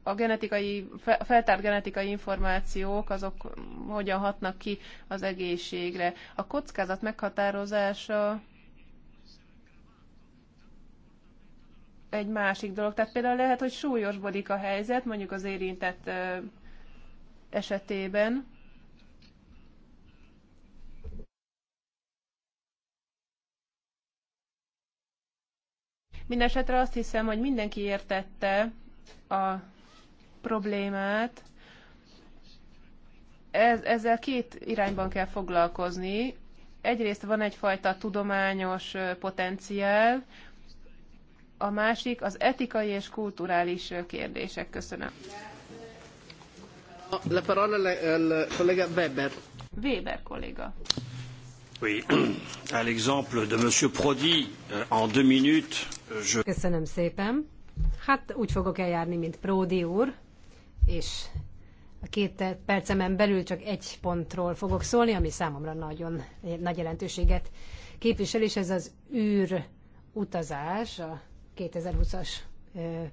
a genetikai, feltárt genetikai információk, azok hogyan hatnak ki az egészségre. A kockázat meghatározása egy másik dolog. Tehát például lehet, hogy súlyosbodik a helyzet, mondjuk az érintett esetében, Mindenesetre azt hiszem, hogy mindenki értette a problémát. Ez, ezzel két irányban kell foglalkozni. Egyrészt van egyfajta tudományos potenciál, a másik az etikai és kulturális kérdések. Köszönöm. La parola al collega Weber. Weber kolléga. Oui. À l'exemple de Monsieur Prodi, euh, en deux minutes, euh, je... Köszönöm szépen. Hát úgy fogok eljárni, mint Pródi úr, és a két percemen belül csak egy pontról fogok szólni, ami számomra nagyon nagy jelentőséget képvisel, és ez az űr utazás, a 2020-as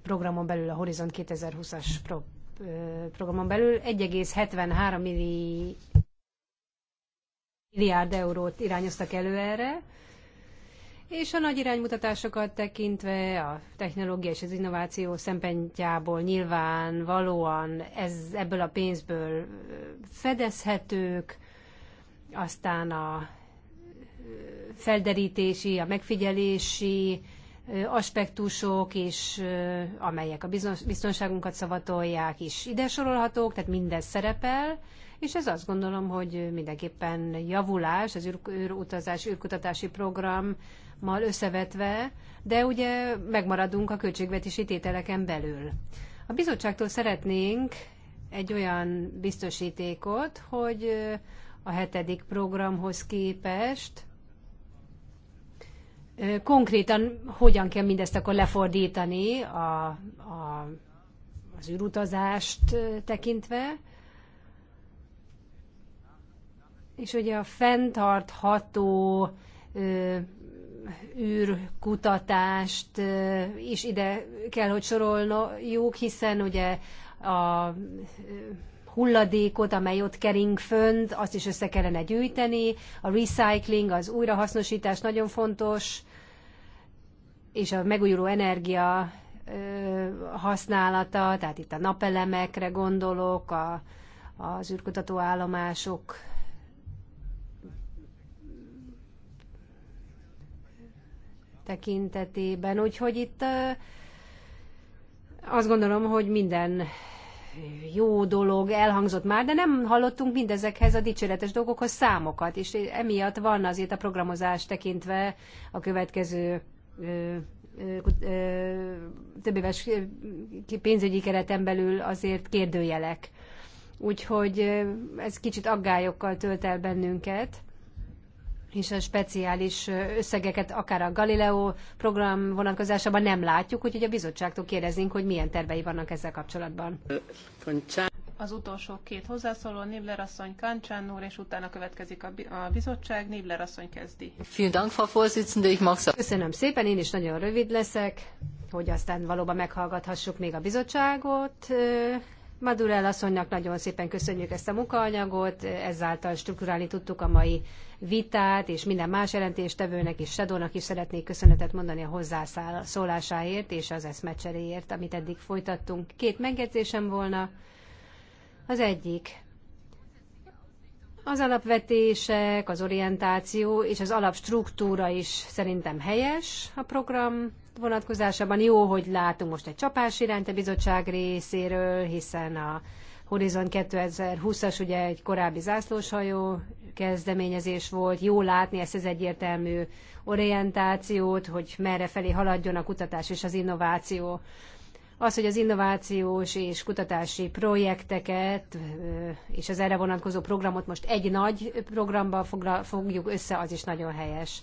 programon belül, a Horizont 2020-as programon belül 1,73 milli milliárd eurót irányoztak elő erre, és a nagy iránymutatásokat tekintve a technológia és az innováció szempontjából nyilván valóan ez ebből a pénzből fedezhetők, aztán a felderítési, a megfigyelési aspektusok, és amelyek a biztonságunkat szavatolják, is ide sorolhatók, tehát mindez szerepel, és ez azt gondolom, hogy mindenképpen javulás az űr, űrutazás, űrkutatási programmal összevetve, de ugye megmaradunk a költségvetési tételeken belül. A bizottságtól szeretnénk egy olyan biztosítékot, hogy a hetedik programhoz képest konkrétan hogyan kell mindezt akkor lefordítani a, a, az űrutazást tekintve, És ugye a fenntartható ö, űrkutatást ö, is ide kell, hogy soroljuk, hiszen ugye a hulladékot, amely ott kering fönt, azt is össze kellene gyűjteni. A recycling, az újrahasznosítás nagyon fontos, és a megújuló energia használata, tehát itt a napelemekre gondolok, a, az űrkutatóállomások állomások tekintetében. Úgyhogy itt azt gondolom, hogy minden jó dolog elhangzott már, de nem hallottunk mindezekhez a dicséretes dolgokhoz számokat, és emiatt van azért a programozás tekintve a következő ö, több éves pénzügyi kereten belül azért kérdőjelek. Úgyhogy ez kicsit aggályokkal tölt el bennünket és a speciális összegeket akár a Galileo program vonatkozásában nem látjuk, úgyhogy a bizottságtól kérdezünk, hogy milyen tervei vannak ezzel kapcsolatban. Az utolsó két hozzászóló, Nibler asszony, Kancsán úr, és utána következik a, bizottság, Nibler asszony kezdi. Köszönöm szépen, én is nagyon rövid leszek, hogy aztán valóban meghallgathassuk még a bizottságot, Madurell asszonynak nagyon szépen köszönjük ezt a munkaanyagot, ezáltal strukturálni tudtuk a mai vitát, és minden más jelentéstevőnek és Sedónak is szeretnék köszönetet mondani a hozzászólásáért és az eszmecseréért, amit eddig folytattunk. Két megjegyzésem volna. Az egyik, az alapvetések, az orientáció és az alapstruktúra is szerintem helyes a program vonatkozásában jó, hogy látunk most egy csapás irányt a bizottság részéről, hiszen a Horizon 2020-as ugye egy korábbi zászlóshajó kezdeményezés volt, jó látni ezt az egyértelmű orientációt, hogy merre felé haladjon a kutatás és az innováció. Az, hogy az innovációs és kutatási projekteket és az erre vonatkozó programot most egy nagy programba fogjuk össze, az is nagyon helyes.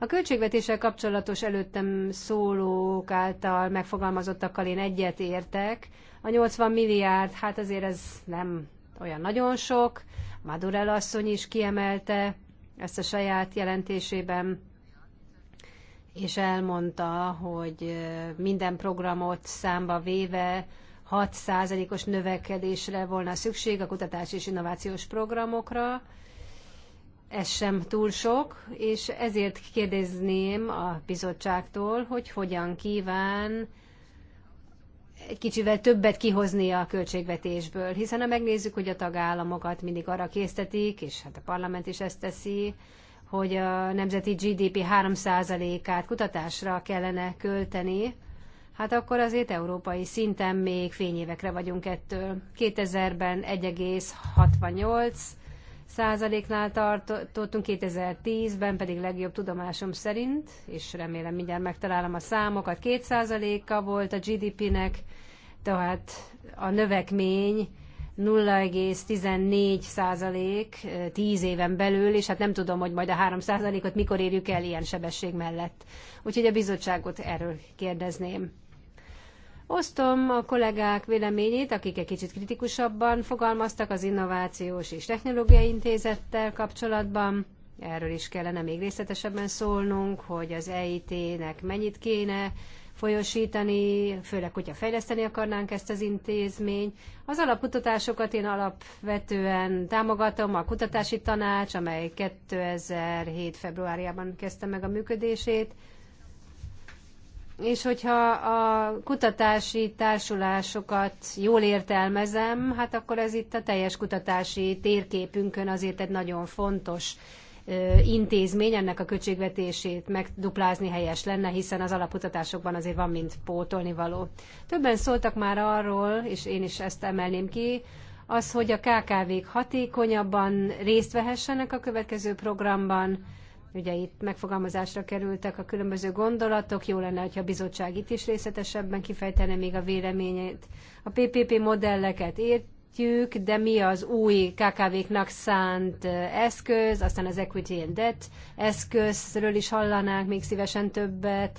A költségvetéssel kapcsolatos előttem szólók által megfogalmazottakkal én egyet értek. A 80 milliárd, hát azért ez nem olyan nagyon sok. Madurell asszony is kiemelte ezt a saját jelentésében, és elmondta, hogy minden programot számba véve 6%-os növekedésre volna szükség a kutatás és innovációs programokra, ez sem túl sok, és ezért kérdezném a bizottságtól, hogy hogyan kíván egy kicsivel többet kihozni a költségvetésből, hiszen ha megnézzük, hogy a tagállamokat mindig arra késztetik, és hát a parlament is ezt teszi, hogy a nemzeti GDP 3%-át kutatásra kellene költeni, hát akkor azért európai szinten még fényévekre vagyunk ettől. 2000-ben 1,68 százaléknál tartottunk 2010-ben, pedig legjobb tudomásom szerint, és remélem mindjárt megtalálom a számokat, 2 a volt a GDP-nek, tehát a növekmény 0,14 százalék 10 eh, éven belül, és hát nem tudom, hogy majd a 3 százalékot mikor érjük el ilyen sebesség mellett. Úgyhogy a bizottságot erről kérdezném. Osztom a kollégák véleményét, akik egy kicsit kritikusabban fogalmaztak az Innovációs és Technológiai Intézettel kapcsolatban. Erről is kellene még részletesebben szólnunk, hogy az EIT-nek mennyit kéne folyosítani, főleg, hogyha fejleszteni akarnánk ezt az intézmény. Az alapkutatásokat én alapvetően támogatom, a kutatási tanács, amely 2007. februárjában kezdte meg a működését, és hogyha a kutatási társulásokat jól értelmezem, hát akkor ez itt a teljes kutatási térképünkön azért egy nagyon fontos intézmény, ennek a költségvetését megduplázni helyes lenne, hiszen az alapkutatásokban azért van mint pótolni való. Többen szóltak már arról, és én is ezt emelném ki, az, hogy a KKV-k hatékonyabban részt vehessenek a következő programban, Ugye itt megfogalmazásra kerültek a különböző gondolatok, jó lenne, hogyha a bizottság itt is részletesebben kifejtene még a véleményét. A PPP modelleket értjük, de mi az új KKV-knak szánt eszköz, aztán az equity and debt eszközről is hallanánk még szívesen többet,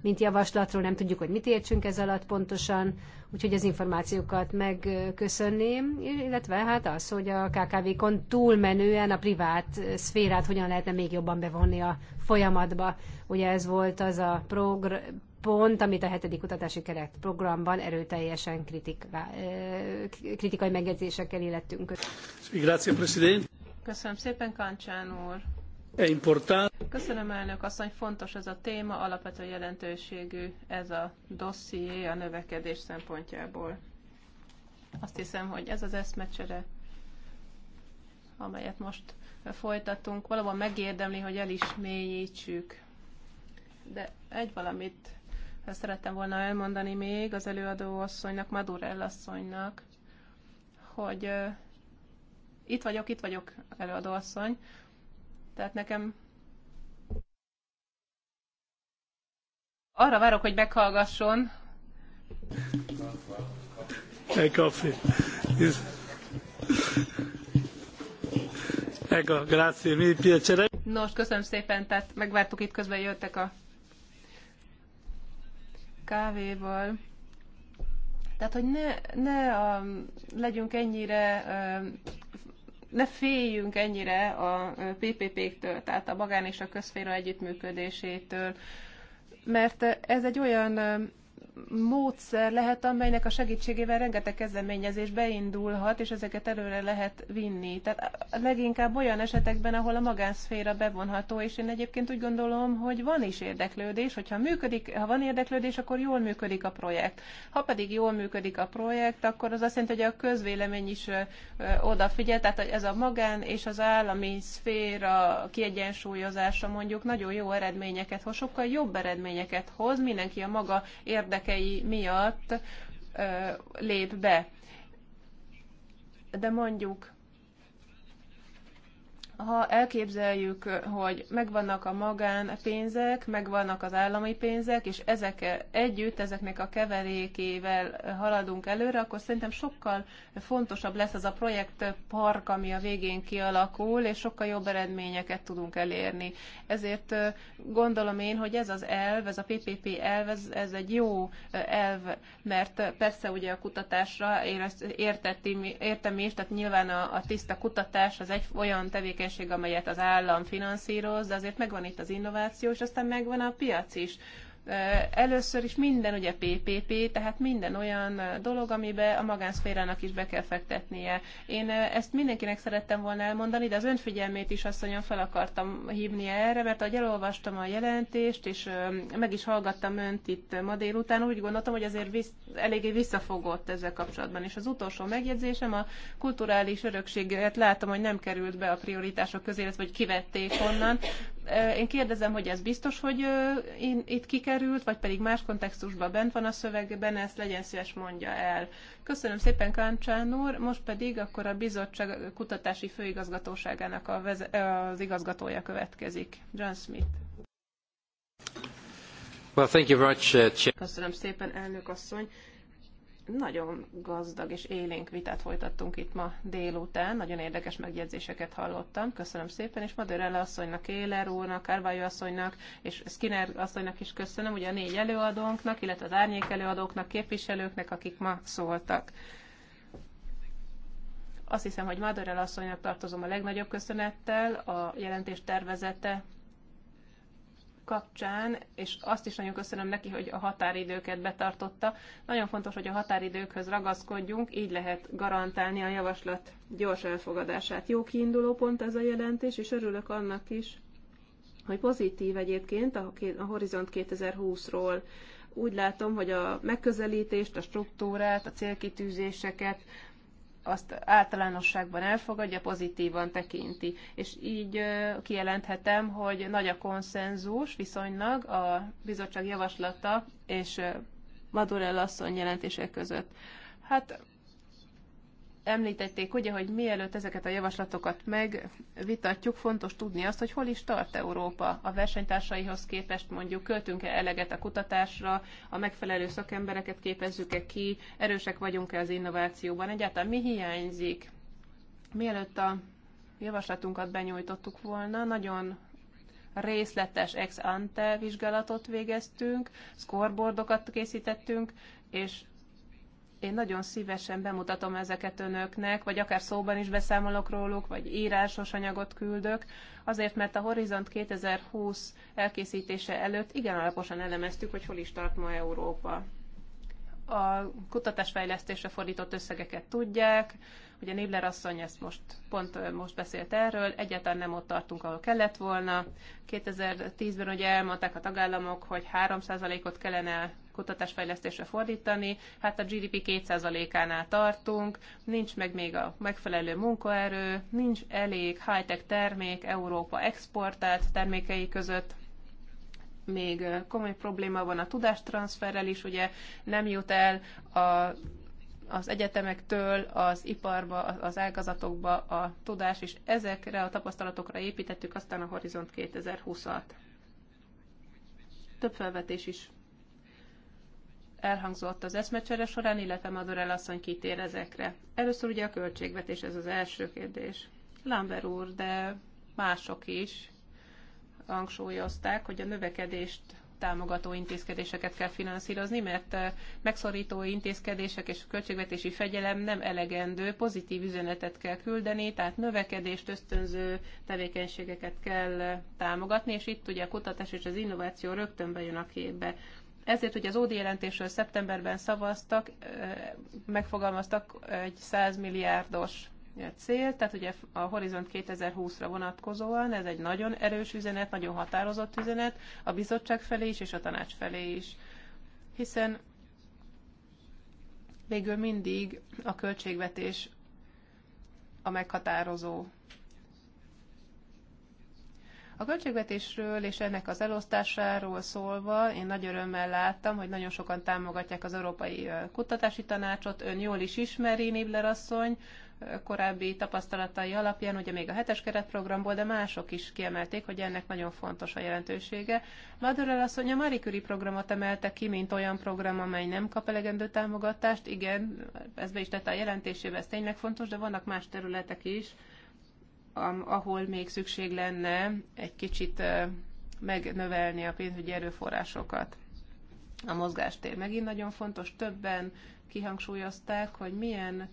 mint javaslatról, nem tudjuk, hogy mit értsünk ez alatt pontosan, úgyhogy az információkat megköszönném, illetve hát az, hogy a KKV-kon túlmenően a privát szférát hogyan lehetne még jobban bevonni a folyamatba. Ugye ez volt az a progr- pont, amit a hetedik kutatási keret programban erőteljesen kritika, eh, kritikai megjegyzésekkel illettünk. Köszönöm szépen, Kancsán úr. Köszönöm elnök asszony, fontos ez a téma, alapvető jelentőségű ez a dosszié a növekedés szempontjából. Azt hiszem, hogy ez az eszmecsere, amelyet most folytatunk, valóban megérdemli, hogy el is mélyítsük. De egy valamit szerettem volna elmondani még az előadó asszonynak, Madurell asszonynak, hogy itt vagyok, itt vagyok, előadó asszony, tehát nekem arra várok, hogy meghallgasson. Egy coffee. Ego, grazie, mi piacere. Nos, köszönöm szépen, tehát megvártuk itt közben jöttek a kávéval. Tehát, hogy ne, ne a, legyünk ennyire ne féljünk ennyire a ppp től tehát a magán és a közféra együttműködésétől, mert ez egy olyan módszer lehet, amelynek a segítségével rengeteg kezdeményezés beindulhat, és ezeket előre lehet vinni. Tehát leginkább olyan esetekben, ahol a magánszféra bevonható, és én egyébként úgy gondolom, hogy van is érdeklődés, hogyha működik, ha van érdeklődés, akkor jól működik a projekt. Ha pedig jól működik a projekt, akkor az azt jelenti, hogy a közvélemény is odafigyel, tehát ez a magán és az állami szféra kiegyensúlyozása mondjuk nagyon jó eredményeket hoz, sokkal jobb eredményeket hoz, mindenki a maga érdek érdekei miatt lép be. De mondjuk ha elképzeljük, hogy megvannak a magán pénzek, megvannak az állami pénzek, és ezek együtt, ezeknek a keverékével haladunk előre, akkor szerintem sokkal fontosabb lesz az a projektpark, ami a végén kialakul, és sokkal jobb eredményeket tudunk elérni. Ezért gondolom én, hogy ez az elv, ez a PPP elv, ez, ez egy jó elv, mert persze ugye a kutatásra értettem is, tehát nyilván a, a tiszta kutatás az egy olyan tevékenység, tevékenység, amelyet az állam finanszíroz, de azért megvan itt az innováció, és aztán megvan a piac is. Először is minden ugye PPP, tehát minden olyan dolog, amibe a magánszférának is be kell fektetnie. Én ezt mindenkinek szerettem volna elmondani, de az önfigyelmét is asszonyom fel akartam hívni erre, mert ahogy elolvastam a jelentést, és meg is hallgattam önt itt ma délután, úgy gondoltam, hogy azért visz, eléggé visszafogott ezzel kapcsolatban. És az utolsó megjegyzésem, a kulturális örökséget látom, hogy nem került be a prioritások közé, vagy kivették onnan, én kérdezem, hogy ez biztos, hogy én itt kikerült, vagy pedig más kontextusban bent van a szövegben, ezt legyen szíves mondja el. Köszönöm szépen Káncsán úr, most pedig akkor a bizottság kutatási főigazgatóságának a vez- az igazgatója következik, John Smith. Well, thank you very much, uh, Köszönöm szépen, elnök asszony. Nagyon gazdag és élénk vitát folytattunk itt ma délután, nagyon érdekes megjegyzéseket hallottam, köszönöm szépen, és Madörele asszonynak, Éler úrnak, Kárvályó asszonynak, és Skinner asszonynak is köszönöm, ugye a négy előadónknak, illetve az árnyék előadóknak, képviselőknek, akik ma szóltak azt hiszem, hogy Madorel asszonynak tartozom a legnagyobb köszönettel, a jelentés tervezete kapcsán, és azt is nagyon köszönöm neki, hogy a határidőket betartotta. Nagyon fontos, hogy a határidőkhöz ragaszkodjunk, így lehet garantálni a javaslat gyors elfogadását. Jó kiinduló pont ez a jelentés, és örülök annak is, hogy pozitív egyébként a, Horizont 2020-ról. Úgy látom, hogy a megközelítést, a struktúrát, a célkitűzéseket, azt általánosságban elfogadja, pozitívan tekinti. És így kijelenthetem, hogy nagy a konszenzus viszonylag a bizottság javaslata és Madurell asszony jelentések között. Hát említették, ugye, hogy mielőtt ezeket a javaslatokat megvitatjuk, fontos tudni azt, hogy hol is tart Európa a versenytársaihoz képest, mondjuk költünk-e eleget a kutatásra, a megfelelő szakembereket képezzük-e ki, erősek vagyunk-e az innovációban, egyáltalán mi hiányzik. Mielőtt a javaslatunkat benyújtottuk volna, nagyon részletes ex ante vizsgálatot végeztünk, scoreboardokat készítettünk, és én nagyon szívesen bemutatom ezeket önöknek, vagy akár szóban is beszámolok róluk, vagy írásos anyagot küldök, azért mert a Horizont 2020 elkészítése előtt igen alaposan elemeztük, hogy hol is tart ma Európa. A kutatásfejlesztésre fordított összegeket tudják, Ugye Nébler asszony ezt most, pont most beszélt erről, egyáltalán nem ott tartunk, ahol kellett volna. 2010-ben ugye elmondták a tagállamok, hogy 3%-ot kellene kutatásfejlesztésre fordítani, hát a GDP 2%-ánál tartunk, nincs meg még a megfelelő munkaerő, nincs elég high-tech termék Európa exportált termékei között, még komoly probléma van a tudástranszferrel is, ugye nem jut el a az egyetemektől az iparba, az ágazatokba a tudás, és ezekre a tapasztalatokra építettük aztán a Horizont 2020-at. Több felvetés is elhangzott az eszmecsere során, illetve Madurell asszony kitér ezekre. Először ugye a költségvetés, ez az első kérdés. Lambert úr, de mások is hangsúlyozták, hogy a növekedést támogató intézkedéseket kell finanszírozni, mert eh, megszorító intézkedések és költségvetési fegyelem nem elegendő, pozitív üzenetet kell küldeni, tehát növekedést ösztönző tevékenységeket kell eh, támogatni, és itt ugye a kutatás és az innováció rögtön bejön a képbe. Ezért, hogy az ODI jelentésről szeptemberben szavaztak, eh, megfogalmaztak egy 100 milliárdos cél, tehát ugye a Horizont 2020-ra vonatkozóan ez egy nagyon erős üzenet, nagyon határozott üzenet a bizottság felé is és a tanács felé is, hiszen végül mindig a költségvetés a meghatározó. A költségvetésről és ennek az elosztásáról szólva én nagy örömmel láttam, hogy nagyon sokan támogatják az Európai Kutatási Tanácsot. Ön jól is ismeri, Nibler asszony, korábbi tapasztalatai alapján, ugye még a hetes keretprogramból, de mások is kiemelték, hogy ennek nagyon fontos a jelentősége. Madurell mondja, a Marie Curie programot emelte ki, mint olyan program, amely nem kap elegendő támogatást. Igen, ez be is tette a jelentésébe, ez tényleg fontos, de vannak más területek is, ahol még szükség lenne egy kicsit megnövelni a pénzügyi erőforrásokat. A mozgástér megint nagyon fontos, többen kihangsúlyozták, hogy milyen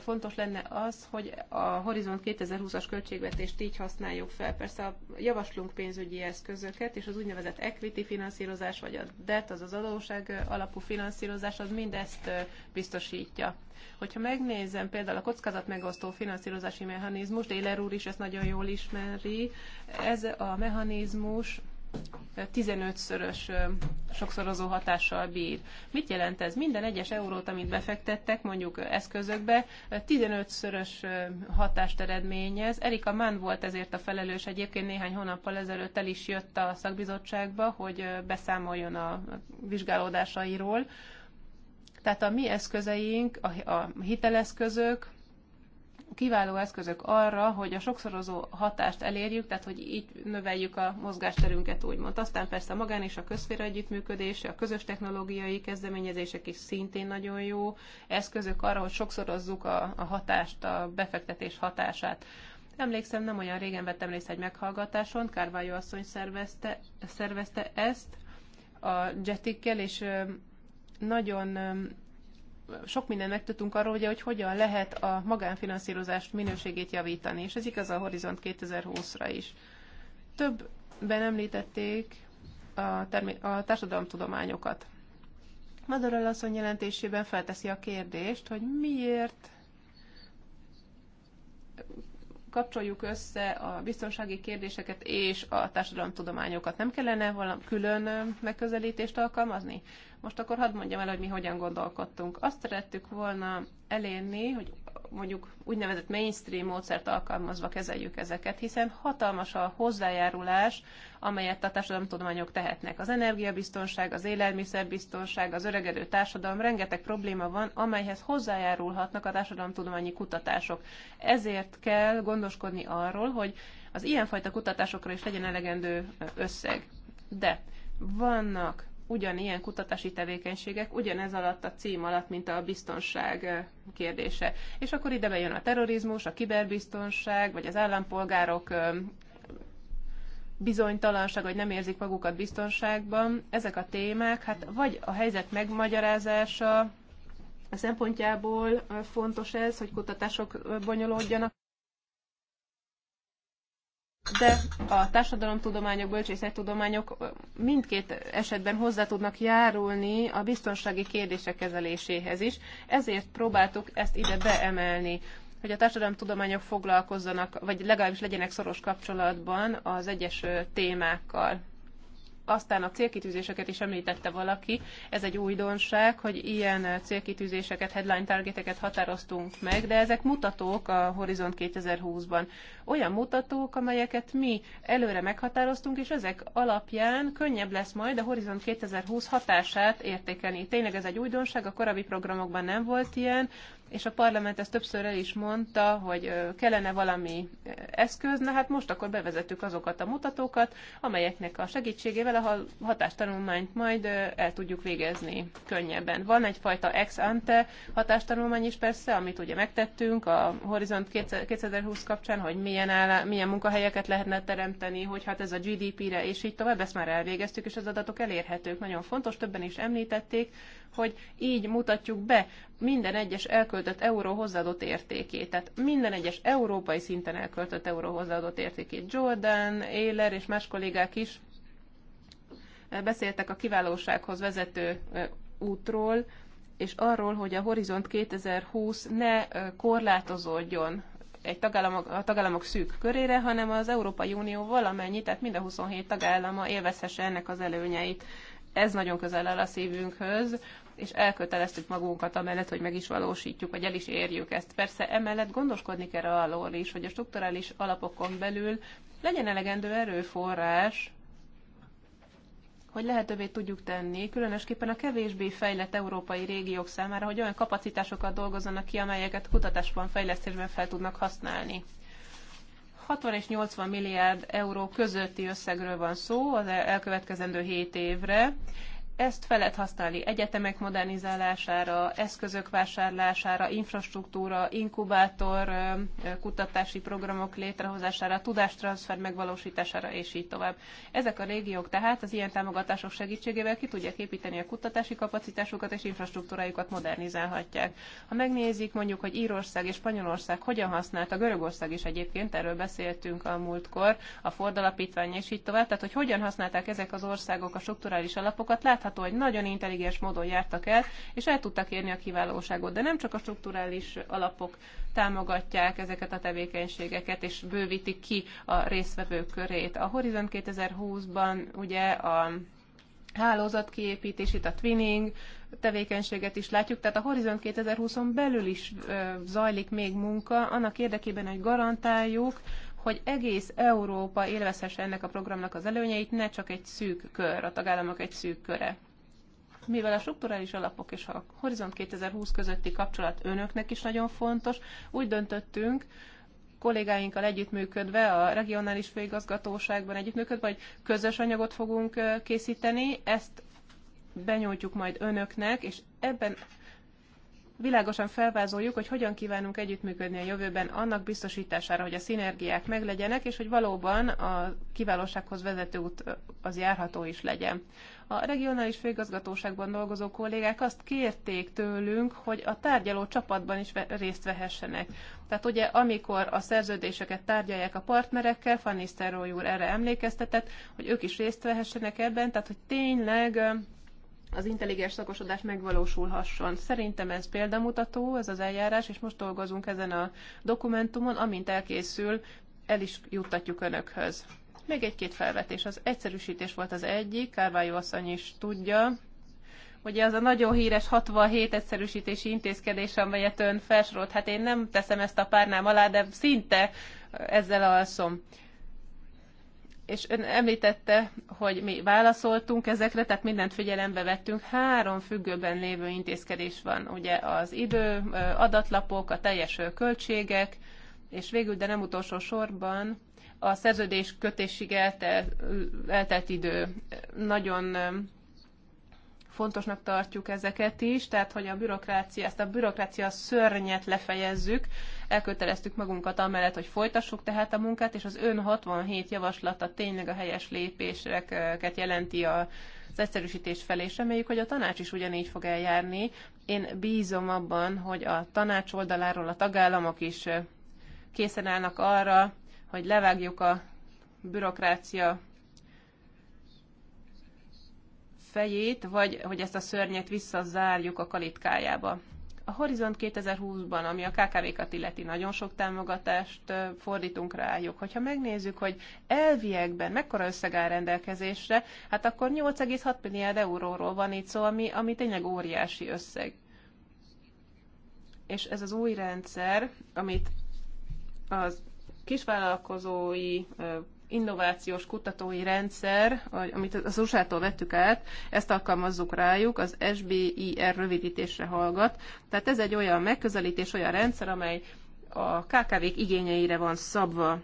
fontos lenne az, hogy a Horizont 2020-as költségvetést így használjuk fel. Persze javaslunk pénzügyi eszközöket, és az úgynevezett equity finanszírozás, vagy a debt, az az adóság alapú finanszírozás, az mindezt biztosítja. Hogyha megnézem például a kockázat megosztó finanszírozási mechanizmust, Éler úr is ezt nagyon jól ismeri, ez a mechanizmus 15-szörös sokszorozó hatással bír. Mit jelent ez? Minden egyes eurót, amit befektettek mondjuk eszközökbe, 15-szörös hatást eredményez. Erika Mann volt ezért a felelős, egyébként néhány hónappal ezelőtt el is jött a szakbizottságba, hogy beszámoljon a vizsgálódásairól. Tehát a mi eszközeink, a hiteleszközök, kiváló eszközök arra, hogy a sokszorozó hatást elérjük, tehát hogy így növeljük a mozgásterünket, úgymond. Aztán persze a magán és a közféra együttműködés, a közös technológiai kezdeményezések is szintén nagyon jó eszközök arra, hogy sokszorozzuk a, a hatást, a befektetés hatását. Emlékszem, nem olyan régen vettem részt egy meghallgatáson, Kárvályó asszony szervezte, szervezte ezt a jetikkel, és nagyon sok mindent megtudtunk arról, ugye, hogy hogyan lehet a magánfinanszírozást minőségét javítani, és ez igaz a Horizont 2020-ra is. Többben említették a, termi- a társadalomtudományokat. Madarral asszony jelentésében felteszi a kérdést, hogy miért kapcsoljuk össze a biztonsági kérdéseket és a társadalomtudományokat. Nem kellene valami külön megközelítést alkalmazni? Most akkor hadd mondjam el, hogy mi hogyan gondolkodtunk. Azt szerettük volna elérni, hogy mondjuk úgynevezett mainstream módszert alkalmazva kezeljük ezeket, hiszen hatalmas a hozzájárulás, amelyet a társadalomtudományok tehetnek. Az energiabiztonság, az élelmiszerbiztonság, az öregedő társadalom, rengeteg probléma van, amelyhez hozzájárulhatnak a társadalomtudományi kutatások. Ezért kell gondoskodni arról, hogy az ilyenfajta kutatásokra is legyen elegendő összeg. De vannak ugyanilyen kutatási tevékenységek ugyanez alatt a cím alatt, mint a biztonság kérdése. És akkor ide bejön a terrorizmus, a kiberbiztonság, vagy az állampolgárok bizonytalanság, vagy nem érzik magukat biztonságban. Ezek a témák, hát vagy a helyzet megmagyarázása szempontjából fontos ez, hogy kutatások bonyolódjanak, de a társadalomtudományok, bölcsészettudományok mindkét esetben hozzá tudnak járulni a biztonsági kérdések kezeléséhez is, ezért próbáltuk ezt ide beemelni hogy a társadalomtudományok foglalkozzanak, vagy legalábbis legyenek szoros kapcsolatban az egyes témákkal. Aztán a célkitűzéseket is említette valaki. Ez egy újdonság, hogy ilyen eh, célkitűzéseket, headline targeteket határoztunk meg, de ezek mutatók a Horizont 2020-ban. Olyan mutatók, amelyeket mi előre meghatároztunk, és ezek alapján könnyebb lesz majd a Horizont 2020 hatását értékelni. Tényleg ez egy újdonság, a korábbi programokban nem volt ilyen, és a parlament ezt többször el is mondta, hogy kellene valami eszköz, na hát most akkor bevezettük azokat a mutatókat, amelyeknek a segítségével a hatástanulmányt majd el tudjuk végezni könnyebben. Van egyfajta ex ante hatástanulmány is persze, amit ugye megtettünk a Horizont 2020 kapcsán, hogy milyen, áll, milyen munkahelyeket lehetne teremteni, hogy hát ez a GDP-re és így tovább, ezt már elvégeztük, és az adatok elérhetők. Nagyon fontos, többen is említették, hogy így mutatjuk be minden egyes elköltött euró hozzáadott értékét. Tehát minden egyes európai szinten elköltött euró hozzáadott értékét. Jordan, Éler és más kollégák is eh, beszéltek a kiválósághoz vezető eh, útról, és arról, hogy a Horizont 2020 ne eh, korlátozódjon egy tagállamok, a tagállamok szűk körére, hanem az Európai Unió valamennyi, tehát mind a 27 tagállama élvezhesse ennek az előnyeit. Ez nagyon közel áll a szívünkhöz, és elköteleztük magunkat amellett, hogy meg is valósítjuk, vagy el is érjük ezt. Persze emellett gondoskodni kell arról is, hogy a strukturális alapokon belül legyen elegendő erőforrás, hogy lehetővé tudjuk tenni, különösképpen a kevésbé fejlett európai régiók számára, hogy olyan kapacitásokat dolgozzanak ki, amelyeket kutatásban, fejlesztésben fel tudnak használni. 60 és 80 milliárd euró közötti összegről van szó az elkövetkezendő 7 évre. Ezt fel lehet használni egyetemek modernizálására, eszközök vásárlására, infrastruktúra, inkubátor, kutatási programok létrehozására, tudástranszfer megvalósítására, és így tovább. Ezek a régiók tehát az ilyen támogatások segítségével ki tudják építeni a kutatási kapacitásukat és infrastruktúrájukat modernizálhatják. Ha megnézik mondjuk, hogy Írország és Spanyolország hogyan használta, Görögország is egyébként, erről beszéltünk a múltkor, a fordalapítvány és így tovább, tehát hogy hogyan használták ezek az országok a strukturális alapokat, lát látható, hogy nagyon intelligens módon jártak el, és el tudtak érni a kiválóságot. De nem csak a strukturális alapok támogatják ezeket a tevékenységeket, és bővítik ki a résztvevők körét. A Horizon 2020-ban ugye a hálózatkiépítését, a twinning tevékenységet is látjuk, tehát a Horizon 2020-on belül is zajlik még munka, annak érdekében, hogy garantáljuk, hogy egész Európa élvezhesse ennek a programnak az előnyeit, ne csak egy szűk kör, a tagállamok egy szűk köre. Mivel a strukturális alapok és a Horizont 2020 közötti kapcsolat önöknek is nagyon fontos, úgy döntöttünk, kollégáinkkal együttműködve, a regionális főigazgatóságban együttműködve, hogy közös anyagot fogunk készíteni, ezt benyújtjuk majd önöknek, és ebben világosan felvázoljuk, hogy hogyan kívánunk együttműködni a jövőben annak biztosítására, hogy a szinergiák meglegyenek, és hogy valóban a kiválósághoz vezető út az járható is legyen. A regionális főigazgatóságban dolgozó kollégák azt kérték tőlünk, hogy a tárgyaló csapatban is részt vehessenek. Tehát ugye, amikor a szerződéseket tárgyalják a partnerekkel, Fanny Sterroy úr erre emlékeztetett, hogy ők is részt vehessenek ebben, tehát hogy tényleg az intelligens szakosodás megvalósulhasson. Szerintem ez példamutató, ez az eljárás, és most dolgozunk ezen a dokumentumon, amint elkészül, el is juttatjuk önökhöz. Még egy-két felvetés. Az egyszerűsítés volt az egyik, Kárvályó asszony is tudja, ugye az a nagyon híres 67 egyszerűsítési intézkedés, amelyet ön felsorolt, hát én nem teszem ezt a párnám alá, de szinte ezzel alszom és ön említette, hogy mi válaszoltunk ezekre, tehát mindent figyelembe vettünk. Három függőben lévő intézkedés van, ugye az idő, adatlapok, a teljes költségek, és végül, de nem utolsó sorban, a szerződés kötésig eltelt, eltelt idő. Nagyon fontosnak tartjuk ezeket is, tehát hogy a bürokrácia, ezt a bürokrácia szörnyet lefejezzük, elköteleztük magunkat amellett, hogy folytassuk tehát a munkát, és az ön 67 javaslata tényleg a helyes lépéseket jelenti a az egyszerűsítés felé, és reméljük, hogy a tanács is ugyanígy fog eljárni. Én bízom abban, hogy a tanács oldaláról a tagállamok is készen állnak arra, hogy levágjuk a bürokrácia fejét, vagy hogy ezt a szörnyet visszazárjuk a kalitkájába. A Horizont 2020-ban, ami a KKV-kat illeti, nagyon sok támogatást fordítunk rájuk. Hogyha megnézzük, hogy elviekben mekkora összeg áll rendelkezésre, hát akkor 8,6 milliárd euróról van itt szó, ami, ami tényleg óriási összeg. És ez az új rendszer, amit az kisvállalkozói innovációs kutatói rendszer, amit az USA-tól vettük át, ezt alkalmazzuk rájuk, az SBIR rövidítésre hallgat. Tehát ez egy olyan megközelítés, olyan rendszer, amely a KKV-k igényeire van szabva.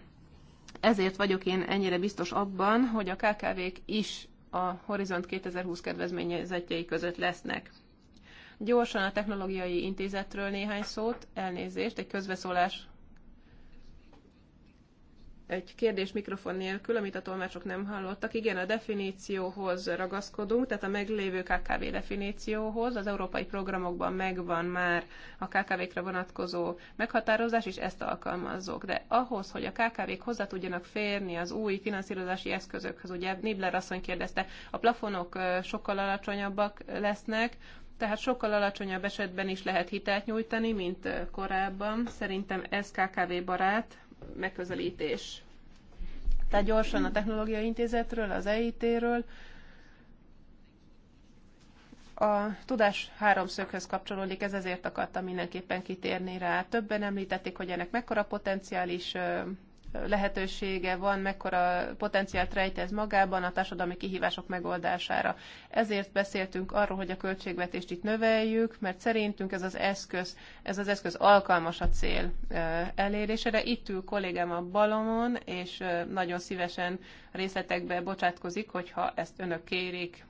Ezért vagyok én ennyire biztos abban, hogy a KKV-k is a Horizont 2020 kedvezményezetjei között lesznek. Gyorsan a Technológiai Intézetről néhány szót, elnézést, egy közbeszólás egy kérdés mikrofon nélkül, amit a tolmácsok nem hallottak. Igen, a definícióhoz ragaszkodunk, tehát a meglévő KKV definícióhoz. Az európai programokban megvan már a KKV-kre vonatkozó meghatározás, és ezt alkalmazzuk. De ahhoz, hogy a KKV-k hozzá tudjanak férni az új finanszírozási eszközökhöz, ugye Nibler asszony kérdezte, a plafonok sokkal alacsonyabbak lesznek, tehát sokkal alacsonyabb esetben is lehet hitelt nyújtani, mint korábban. Szerintem ez KKV barát, megközelítés. Tehát gyorsan a Technológiai Intézetről, az EIT-ről. A tudás háromszöghöz kapcsolódik, ez ezért akartam mindenképpen kitérni rá. Többen említették, hogy ennek mekkora potenciális lehetősége van, mekkora potenciált rejt ez magában a társadalmi kihívások megoldására. Ezért beszéltünk arról, hogy a költségvetést itt növeljük, mert szerintünk ez az eszköz, ez az eszköz alkalmas a cél elérésére. Itt ül kollégám a balomon, és nagyon szívesen részletekbe bocsátkozik, hogyha ezt önök kérik.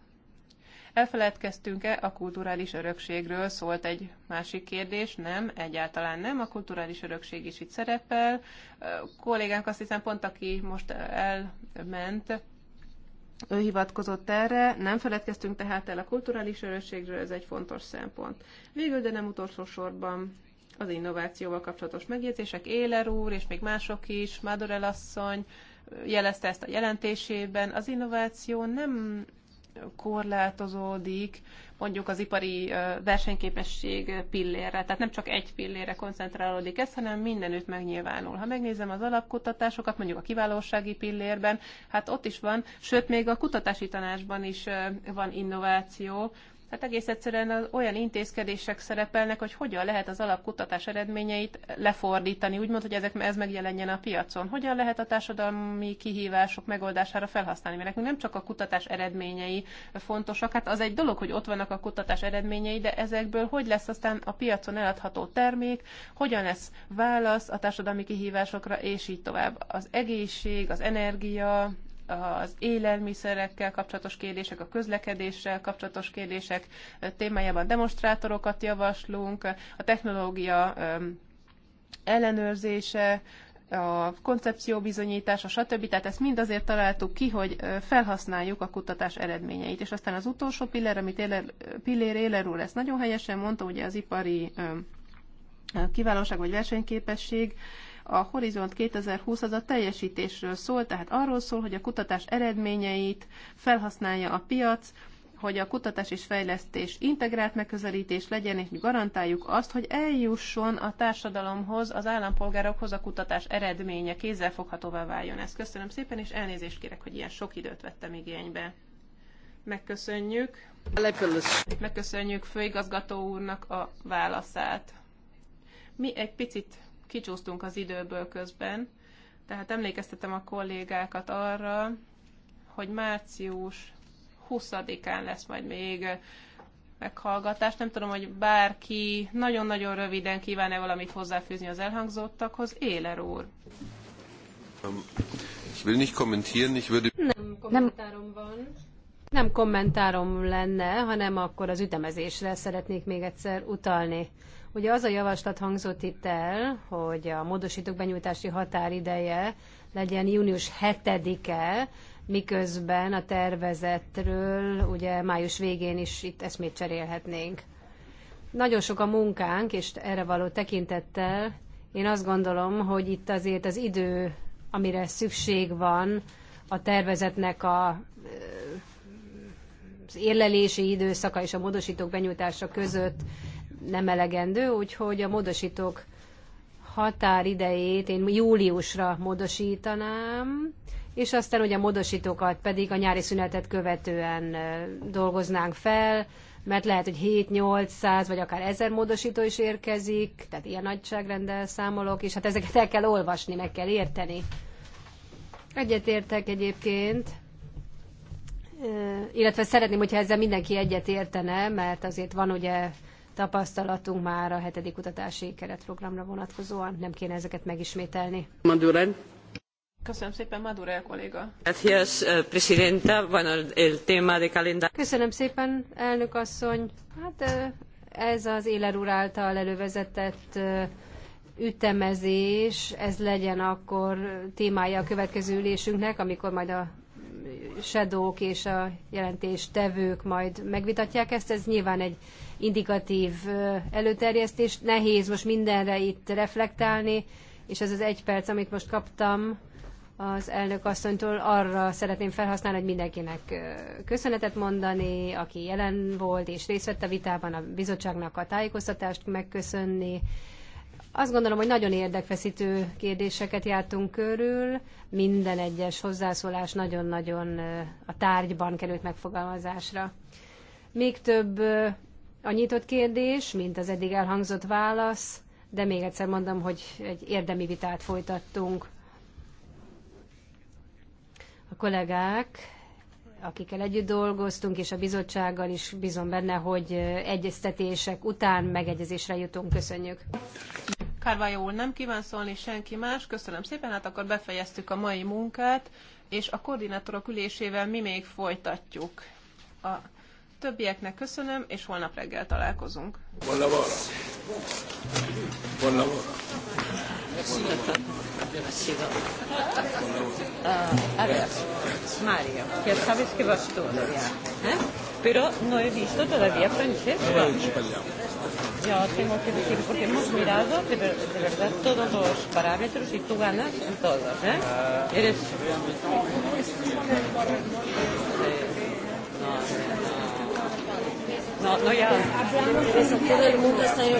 Elfeledkeztünk-e a kulturális örökségről? Szólt egy másik kérdés. Nem, egyáltalán nem. A kulturális örökség is itt szerepel. A kollégánk azt hiszem pont, aki most elment, ő hivatkozott erre, nem feledkeztünk tehát el a kulturális örökségről, ez egy fontos szempont. Végül, de nem utolsó sorban az innovációval kapcsolatos megjegyzések. Éler úr és még mások is, Mádorel asszony jelezte ezt a jelentésében. Az innováció nem korlátozódik mondjuk az ipari versenyképesség pillérre. Tehát nem csak egy pillére koncentrálódik ez, hanem mindenütt megnyilvánul. Ha megnézem az alapkutatásokat, mondjuk a kiválósági pillérben, hát ott is van, sőt még a kutatási tanácsban is van innováció, tehát egész egyszerűen olyan intézkedések szerepelnek, hogy hogyan lehet az alapkutatás eredményeit lefordítani, úgymond, hogy ezek, ez megjelenjen a piacon. Hogyan lehet a társadalmi kihívások megoldására felhasználni, mert nekünk nem csak a kutatás eredményei fontosak, hát az egy dolog, hogy ott vannak a kutatás eredményei, de ezekből hogy lesz aztán a piacon eladható termék, hogyan lesz válasz a társadalmi kihívásokra, és így tovább. Az egészség, az energia, az élelmiszerekkel kapcsolatos kérdések, a közlekedéssel kapcsolatos kérdések témájában demonstrátorokat javaslunk, a technológia ellenőrzése, a koncepcióbizonyítása, stb. Tehát ezt mind azért találtuk ki, hogy felhasználjuk a kutatás eredményeit. És aztán az utolsó pillér, amit Éler, Pillér Éler úr ezt nagyon helyesen mondta, ugye az ipari kiválóság vagy versenyképesség, a Horizont 2020 az a teljesítésről szól, tehát arról szól, hogy a kutatás eredményeit felhasználja a piac, hogy a kutatás és fejlesztés integrált megközelítés legyen, és garantáljuk azt, hogy eljusson a társadalomhoz, az állampolgárokhoz a kutatás eredménye, kézzelfoghatóvá váljon ez. Köszönöm szépen, és elnézést kérek, hogy ilyen sok időt vettem igénybe. Megköszönjük. Megköszönjük főigazgató úrnak a válaszát. Mi egy picit kicsúsztunk az időből közben, tehát emlékeztetem a kollégákat arra, hogy március 20-án lesz majd még meghallgatás. Nem tudom, hogy bárki nagyon-nagyon röviden kíván-e valamit hozzáfűzni az elhangzottakhoz. Éler úr. Um, ich will nicht kommentieren, ich würde... Nem kommentárom van. Nem kommentárom lenne, hanem akkor az ütemezésre szeretnék még egyszer utalni. Ugye az a javaslat hangzott itt el, hogy a módosítók benyújtási határideje legyen június 7-e, miközben a tervezetről ugye május végén is itt eszmét cserélhetnénk. Nagyon sok a munkánk, és erre való tekintettel én azt gondolom, hogy itt azért az idő, amire szükség van a tervezetnek a, az érlelési időszaka és a módosítók benyújtása között nem elegendő, úgyhogy a módosítók határidejét én júliusra módosítanám, és aztán ugye a módosítókat pedig a nyári szünetet követően dolgoznánk fel, mert lehet, hogy 7-800 vagy akár 1000 módosító is érkezik, tehát ilyen nagyságrendel számolok, és hát ezeket el kell olvasni, meg kell érteni. Egyetértek egyébként, illetve szeretném, hogyha ezzel mindenki egyet értene, mert azért van ugye tapasztalatunk már a hetedik kutatási keretprogramra vonatkozóan, nem kéne ezeket megismételni. Maduren. Köszönöm szépen, Madure kolléga. Gracias, eh, presidenta. Bueno, el tema de calendario. Köszönöm szépen, elnök asszony. Hát eh, ez az Éler úr által elővezetett eh, ütemezés, ez legyen akkor témája a következő ülésünknek, amikor majd a sedók és a jelentéstevők majd megvitatják ezt. Ez nyilván egy indikatív előterjesztés. Nehéz most mindenre itt reflektálni, és ez az egy perc, amit most kaptam az elnök asszonytól, arra szeretném felhasználni, hogy mindenkinek köszönetet mondani, aki jelen volt és részt vett a vitában, a bizottságnak a tájékoztatást megköszönni, azt gondolom, hogy nagyon érdekfeszítő kérdéseket jártunk körül. Minden egyes hozzászólás nagyon-nagyon a tárgyban került megfogalmazásra. Még több a nyitott kérdés, mint az eddig elhangzott válasz, de még egyszer mondom, hogy egy érdemi vitát folytattunk. A kollégák, akikkel együtt dolgoztunk, és a bizottsággal is bízom benne, hogy egyeztetések után megegyezésre jutunk. Köszönjük! Kárvája úr nem kíván szólni senki más. Köszönöm szépen, hát akkor befejeztük a mai munkát, és a koordinátorok ülésével mi még folytatjuk. A többieknek köszönöm, és holnap reggel találkozunk. Bonna, lavoro. Bonna, lavoro sido. Uh, a ver, Mario, ya sabes que vas tú de viaje, ¿eh? pero no he visto todavía a Francesca. Eh, Yo tengo que decir, porque hemos mirado de, ver, de verdad todos los parámetros y tú ganas en todos. ¿eh? Eres. No, no, no, ya. Todo el mundo está